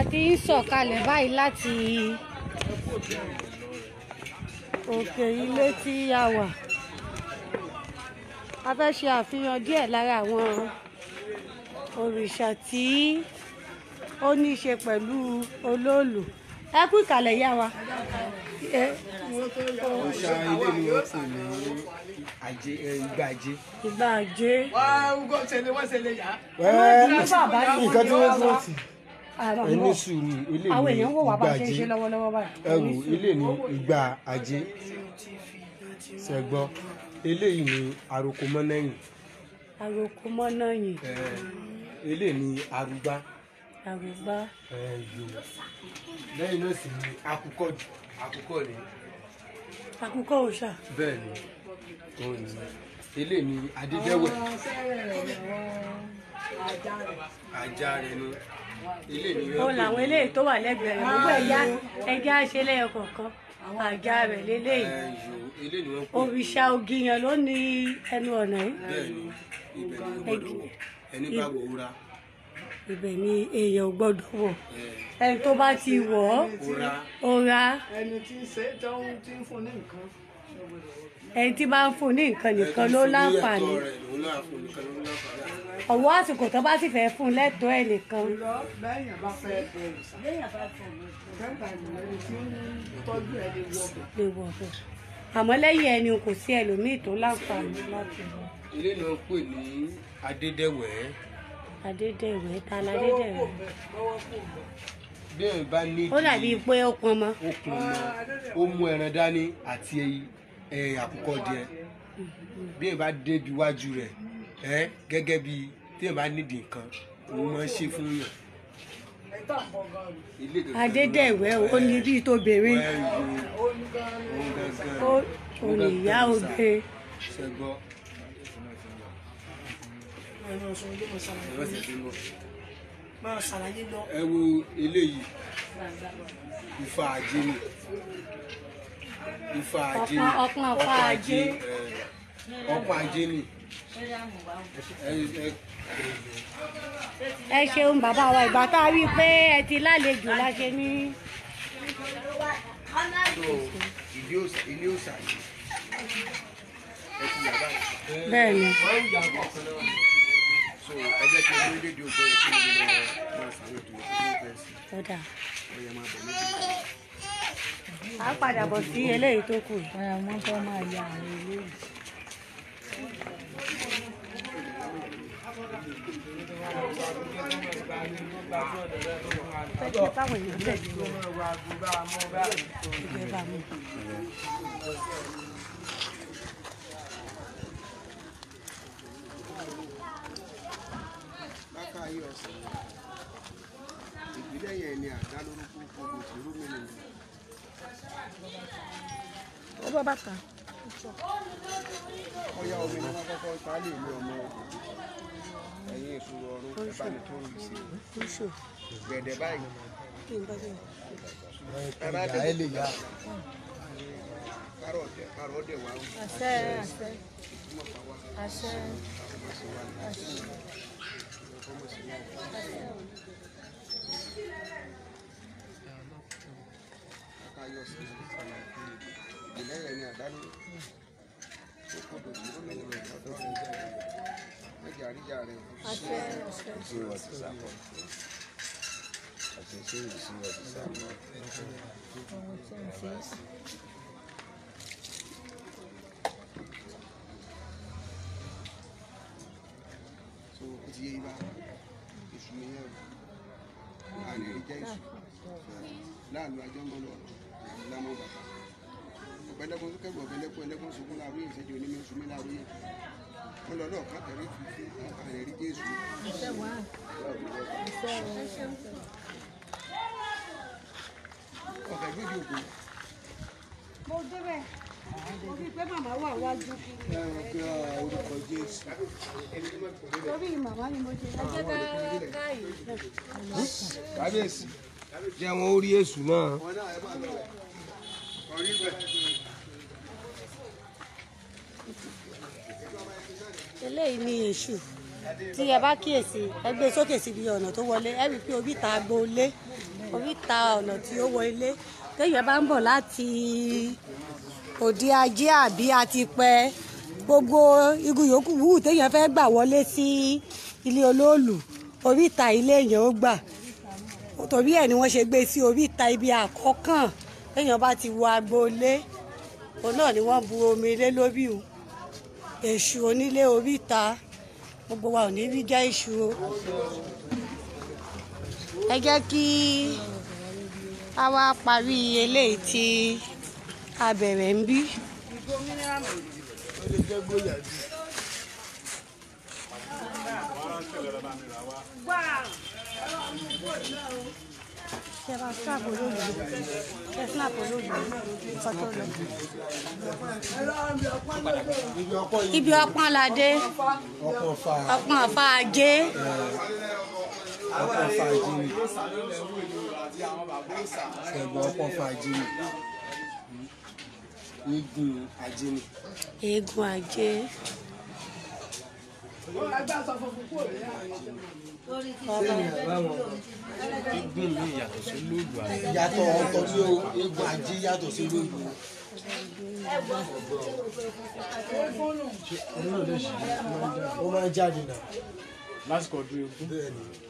ti ń sọ̀kalẹ̀ báyìí láti òkè ilé tí a wà a fẹ́ ṣe àfihàn díẹ̀ lára àwọn òrìṣà tí ó ní í ṣe pẹ̀lú olóòlù ẹ kú ìkàlẹ̀ yá wa. òòṣà ilé ni wọ́n pè ní ìgbà ajé. ìgbà ajé. wọ́n ṣẹlẹ̀ wọ́n ṣẹlẹ̀ yá. nǹkan tí wọ́n tún ti ẹni sùúrù ilé ní ìgbà ajé ẹwù ilé ni ìgbà ajé ṣẹgbọ́ eléyìí ni àròkọ mọ́ náyìn. àròkọ mọ́ náyìn. ilé ní arúgbá àgùnbá. lẹ́yìn náà sì ni àkùkọ jù àkùkọ ni. àkùkọ òòṣà. bẹ́ẹ̀ ni òun ni ilé ni adídẹ́wẹ̀. ajá rẹ ni ilé ni yóò gbé. òun làwọn eléyìí tó wà lẹ́gbẹ̀ẹ́ rẹ̀ gbogbo ẹ̀yà ẹ̀gá ṣe lẹ́yọ kọ̀ọ̀kan àga rẹ̀ lélẹ́yìí òrìṣà ògìyàn ló ní ẹnu ọ̀nà yìí. bẹ́ẹ̀ ni ibẹ̀ ni ó gbọ́dọ̀ wọ ẹni bá wò ó ra ibẹ̀ ni èèyàn gbọ́dọ̀ wọ̀ ẹni tó bá ti wọ̀ ó ra ẹni tí ń ṣe tó ń fún ní nǹkan ẹni tí bá ń fún ní nǹkan nìkan ló láǹfààní ọ̀wọ́ àsìkò tó bá sì fẹ́ẹ́ fún lẹ́tọ̀ọ́ ẹ̀ nìkan. àmọ́ lẹ́yìn ẹni kò sí ẹlòmíì tó láǹfààní láti wọ. ilé náà pè ní adédèwẹ̀ adédèwé ta la adédèwé. bẹ́ẹ̀ bá ní kí ó dàbí pé ó pọn mọ́. ó pọn mọ́ ó mú ẹran dání àti àkùkọ díẹ̀ bẹ́ẹ̀ bá débi iwájú rẹ̀ ẹ́ gẹ́gẹ́ bí téèyàn bá nídìí nǹkan òun máa ń ṣe fún yàn. adédèwé ó ní bí tóbìnrin ó ní ìyá obìnrin ẹnu ọ̀sán ló mọ̀ ṣàlàyé lọ́sẹ̀ tí ń bọ̀ máa ṣàlàyé lọ. ẹ wo eléyìí Ifá ajé ni Ifá ajé ni ọ̀pọ̀ ajé ọ̀pọ̀ ajé ni. ẹ ṣeun bàbá wa ìgbà tá a rí i pé ẹ ti lálejò láṣẹ ní. ilé òsà yìí bẹ́ẹ̀ so ẹ jẹ́ kí n mú rédíò tó yẹ kí n lè lọ máa sàwọn ètò ìyókù tó fẹ́ sí. ó yẹ máa bọ̀ méjì. a padà bọ̀ sí eléyìí tó kù. ọ̀rọ̀ àwọn ọmọ máa ya àwọn eléyìí. Fẹ́kí táwọn láyé ọ̀sẹ̀ ìpínlẹ̀ yẹn ni àdálórúkú gbogbo ìṣòro mi nìyẹn. ó bọ́ bàtà. ọyá omi ni wọ́n kọ́kọ́ ta lè ní ọmọ ẹ̀yìn ìṣòro ọ̀run ẹ̀bá mi tó ń bì sí i báyìí. ẹ̀rá dé kárọ̀dẹ̀ kárọ̀dẹ̀ wà àṣẹ àṣẹ àṣẹ àṣẹ. Àṣẹ ṣe ìṣúra ti sáà mọ́. tó o ti yé yín bá èṣù mi yẹn o àlè rí jẹ́ èṣù láàlú ajọ́ngọ́lọ̀ lámọ́ bàbá ọ̀pẹ́lẹ́kùn tó kẹ́gbọ̀n ọ̀pẹ́lẹ́kùn ẹlẹ́kùn sunkún láàrú yẹn sẹ́jọ́ onímọ̀ èṣù mi láàrú yẹn wọ́n lọ lọ́ọ̀ ká tẹ̀lé fífi àlè rí jẹ́ èṣù. ọ̀kẹ́ gbé bí òkú. mo débẹ̀. Torí pé màmá wà wájú. Torí màmá ni mo ṣe lọ́jọ́ káyìí. Kábíyèsí, jẹ́ wọn ó rí èṣù náà. Eléyìí ni èṣù tí ẹ bá kíyèsí ẹ gbé sókè síbi ọ̀nà tó wọlé ẹ rí i pé oríta agbo ilé oríta ọ̀nà tí ó wọ ilé téèyàn bá ń bọ̀ láti òde ajé àbí àti pẹ gbogbo igun yòókù wúwù téèyàn fẹ́ gbà wọlé sí ilé olóòlù oríta ilé èèyàn ó gbà torí ẹ̀ ni wọ́n ṣe gbé sí oríta ibi àkọ́kàn téèyàn bá ti wọ agboolé òun náà ni wọ́n bu omi lé lórí o èṣù onílé oríta gbogbo wa ò ní rí jẹ́ èṣù o ẹ jẹ́ kí a wá parí eléyìí tí abẹ̀rẹ̀ ń bí. Ṣé bá sáàbò lónìí? Ṣé sáàbò lónìí? Fọ́tọ́ lọ. Ibi ọpọ́n ládé. Ọpọ́n ọ̀fà àgé. Ọpọ́n ọ̀fà àjìnì. Ṣẹ̀gbọ́n ọpọ́n ọ̀fà àjìnì eégún ajé ni. eégún ajé. eégún mi yàtọ̀ sí lóògùn ajé. yàtọ̀ ọ̀tọ̀ ní eégún ajé yàtọ̀ sí lóògùn. ó máa ń jáde náà. lásìkò ọdún eégún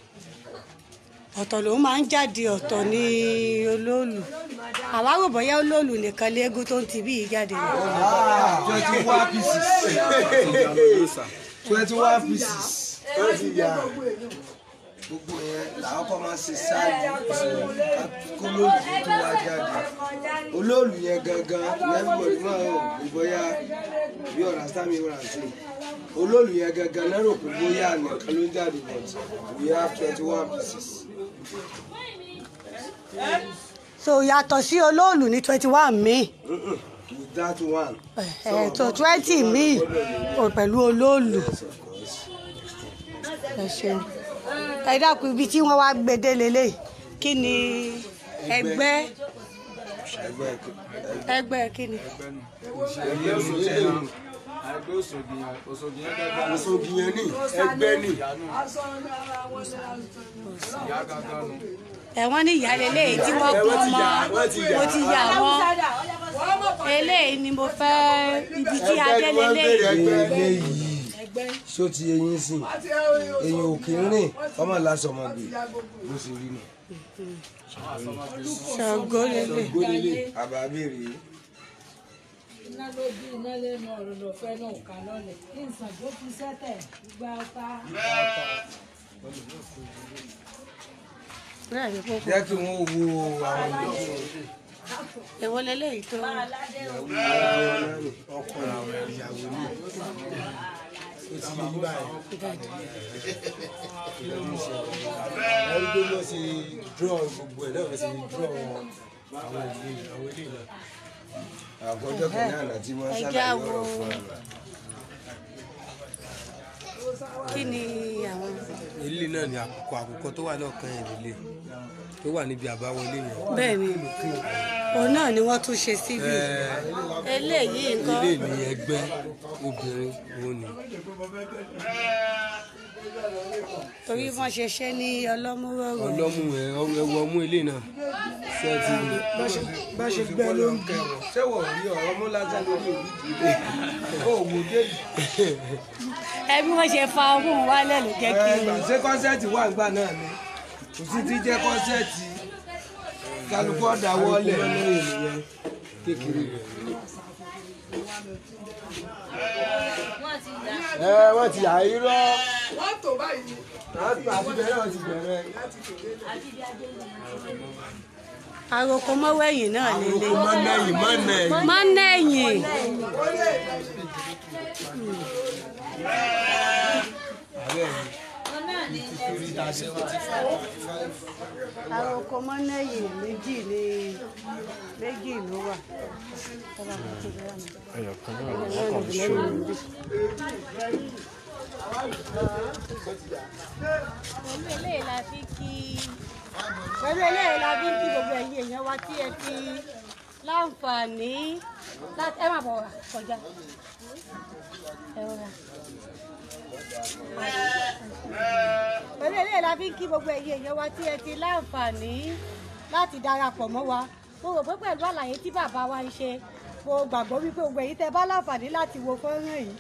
ọ̀tọ̀ lòun máa ń jáde ọ̀tọ̀ ní olóòlù àwárò bọ́yá olóòlù nìkan léegun tó ń ti bí yìí jáde. twenty one pieces twenty one pieces twenty one gbogbo yẹn làwọn kọ́ máa ṣe ṣáájú kólóòlù tó wá jáde olóòlù yẹn gangan everybody máa ń rò bóyá bí ọ̀rá sámi rà sí olóòlù yẹn gangan náà rò bóyá nìkan ló ń jáde but we have twenty one pieces so yàtọ̀ sí olóòlù ní twenty one mi that one. ẹ eh, tó eh, twenty míì pẹ̀lú olóòlù ẹ ṣeun ẹ dákun ibi tí wọ́n wá gbede lélẹ̀ kí ni ẹgbẹ́ ẹgbẹ́ kí ni àìpé òṣògìyàn gàgà òṣògìyàn ní ẹgbẹ́ ní ìyá ẹ̀wọ́n ní ìyá lélẹ́yìí tí wọ́n kú ọmọ mo ti yà wọ́n eléyìí ni mo fẹ́ ibi tí adé lélẹ́yìí ṣó ti eyín sìn èyàn ò kì í rìn ọmọ lásán ọmọ gbè bó ṣe rí nù. ṣàgó lélẹ̀ àbábẹ́rẹ́ iná ló bí iná lẹ́nu ọ̀rọ̀ lọ́fẹ́ náà ò lọ́lẹ̀ kí n sàn tó fi sẹ́tẹ̀ gba ọta. jẹ́ kí wọ́n wo àwọn ìjọ. èwo leléyìí tó. ọkọ àwọn ìyàwó mi ó ti àkójọ kan náà láti máa ṣàlàyé ọ̀rọ̀ fún àgbà. kí ni àwọn. ilé náà ni àkókò àkókò tó wà lọ́ọ̀kan ẹ̀ nílé tó wà níbi àbáwọlé yẹn. bẹ́ẹ̀ni òun náà ni wọ́n tún ṣe síbí eléyìí nǹkan. ilé mi ẹgbẹ́ obìnrin òun ni torí wọ́n ṣẹṣẹ́ ní ọlọ́mú rọrùn. ọlọ́mú ẹ ẹwọ ọmú ilé náà ṣe bá ṣe gbẹ ló ń gbẹ wọ sẹwọ rí ọ̀rọ̀ mú lásán lórí òbí ó wò débi. ẹbí wọn ṣe fa ọmú wálẹ̀ ló jẹ́ kí n. ṣé kọ́nsẹ́ẹ̀tì wà nígbà náà ni kò sí ti jẹ́ kọ́nsẹ́ẹ̀tì kálukú ọ̀dà wọlé kékeré rẹ̀ ẹ wọ́n ti yà á irọ́ wọ́n tó báyìí àti bẹ̀rẹ̀ wọ́n ti bẹ̀rẹ̀. Àròkọ mọ́wẹ́yìn náà lélẹ̀. Àròkọ mọ́nẹ́yìn mọ́nẹ́yìn. Mọ́nẹ́yìn àròkọ mọ́nẹ́yìn méjì ni méjì ló wà ẹ̀yọ̀kan náà wọ́n kàn fi ṣòro. pẹ̀lú eléyìí la fi kí pẹ̀lú eléyìí la fi kí gbogbo ẹ̀yin èèyàn wa tí ẹ ti láǹfààní ẹ má bọ̀ kọjá ẹ rọra pẹ̀lú eléyìí la fi ń kí gbogbo ẹ̀yin èèyàn wa tí ẹ ti láǹfààní láti darapọ̀ mọ́ wa mo rò pé pẹ̀lú àlàyé tí bàbá wa ń ṣe mo gbàgbọ́ wípé gbogbo èyí tẹ bá láǹfààní láti wo fọ́nrán yìí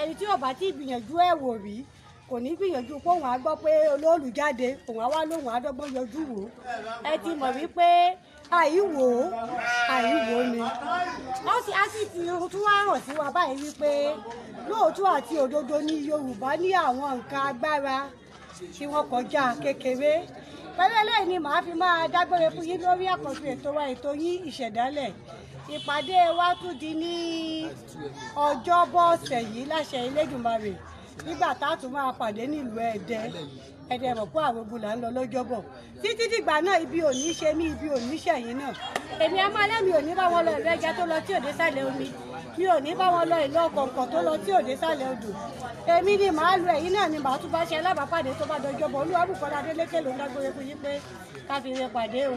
ẹni tí ò bá ti gbìyànjú ẹ̀ wò rí kò ní gbìyànjú pé òun á gbọ́ pé olóòlù jáde òun á wá lóun á yọjú wò ẹ ti mọ̀ wípé àìwò àìwò ni wọ́n ti ásìtì tún wá hàn sí wa báyìí wípé lóòótọ́ àti òdodo ni Yorùbá ní àwọn nǹkan agbára tí wọ́n kọjá kékeré pẹ̀lú eléyìí ni màá fi máa dágbére fún yín lórí àkànṣe ètò wa ètò yín ìṣẹ̀dálẹ̀ ìpàdé wa tún di ní ọjọ́bọ̀ ọ̀sẹ̀ yìí láṣẹ Elédùmarè nígbà tá a tún máa pàdé nílùú Ẹdẹ ẹ̀dẹ̀ mọ̀ pé àwọn ogun là ń lọ lọ́jọ́bọ̀ títí dìgbà náà ibi ò ní ṣe mí ibi ò ní ṣẹ̀yìn náà èmi a máa lẹ́mi ò ní bá wọn lọ ìlú ẹja tó lọ tí òde sàlẹ̀ omi mi ò ní bá wọn lọ ìlú ọ̀kọ̀ọ̀kan tó lọ tí òde sàlẹ̀ odò èmi ni màá lu ẹ̀yìn náà ni màá tún bá ṣe alábàápàdé tó bá dọjọ́bọ̀ olúwàbùkọ́lá adélékè ló ń dágbére fún yín pé káfíńrẹ́ pàdé o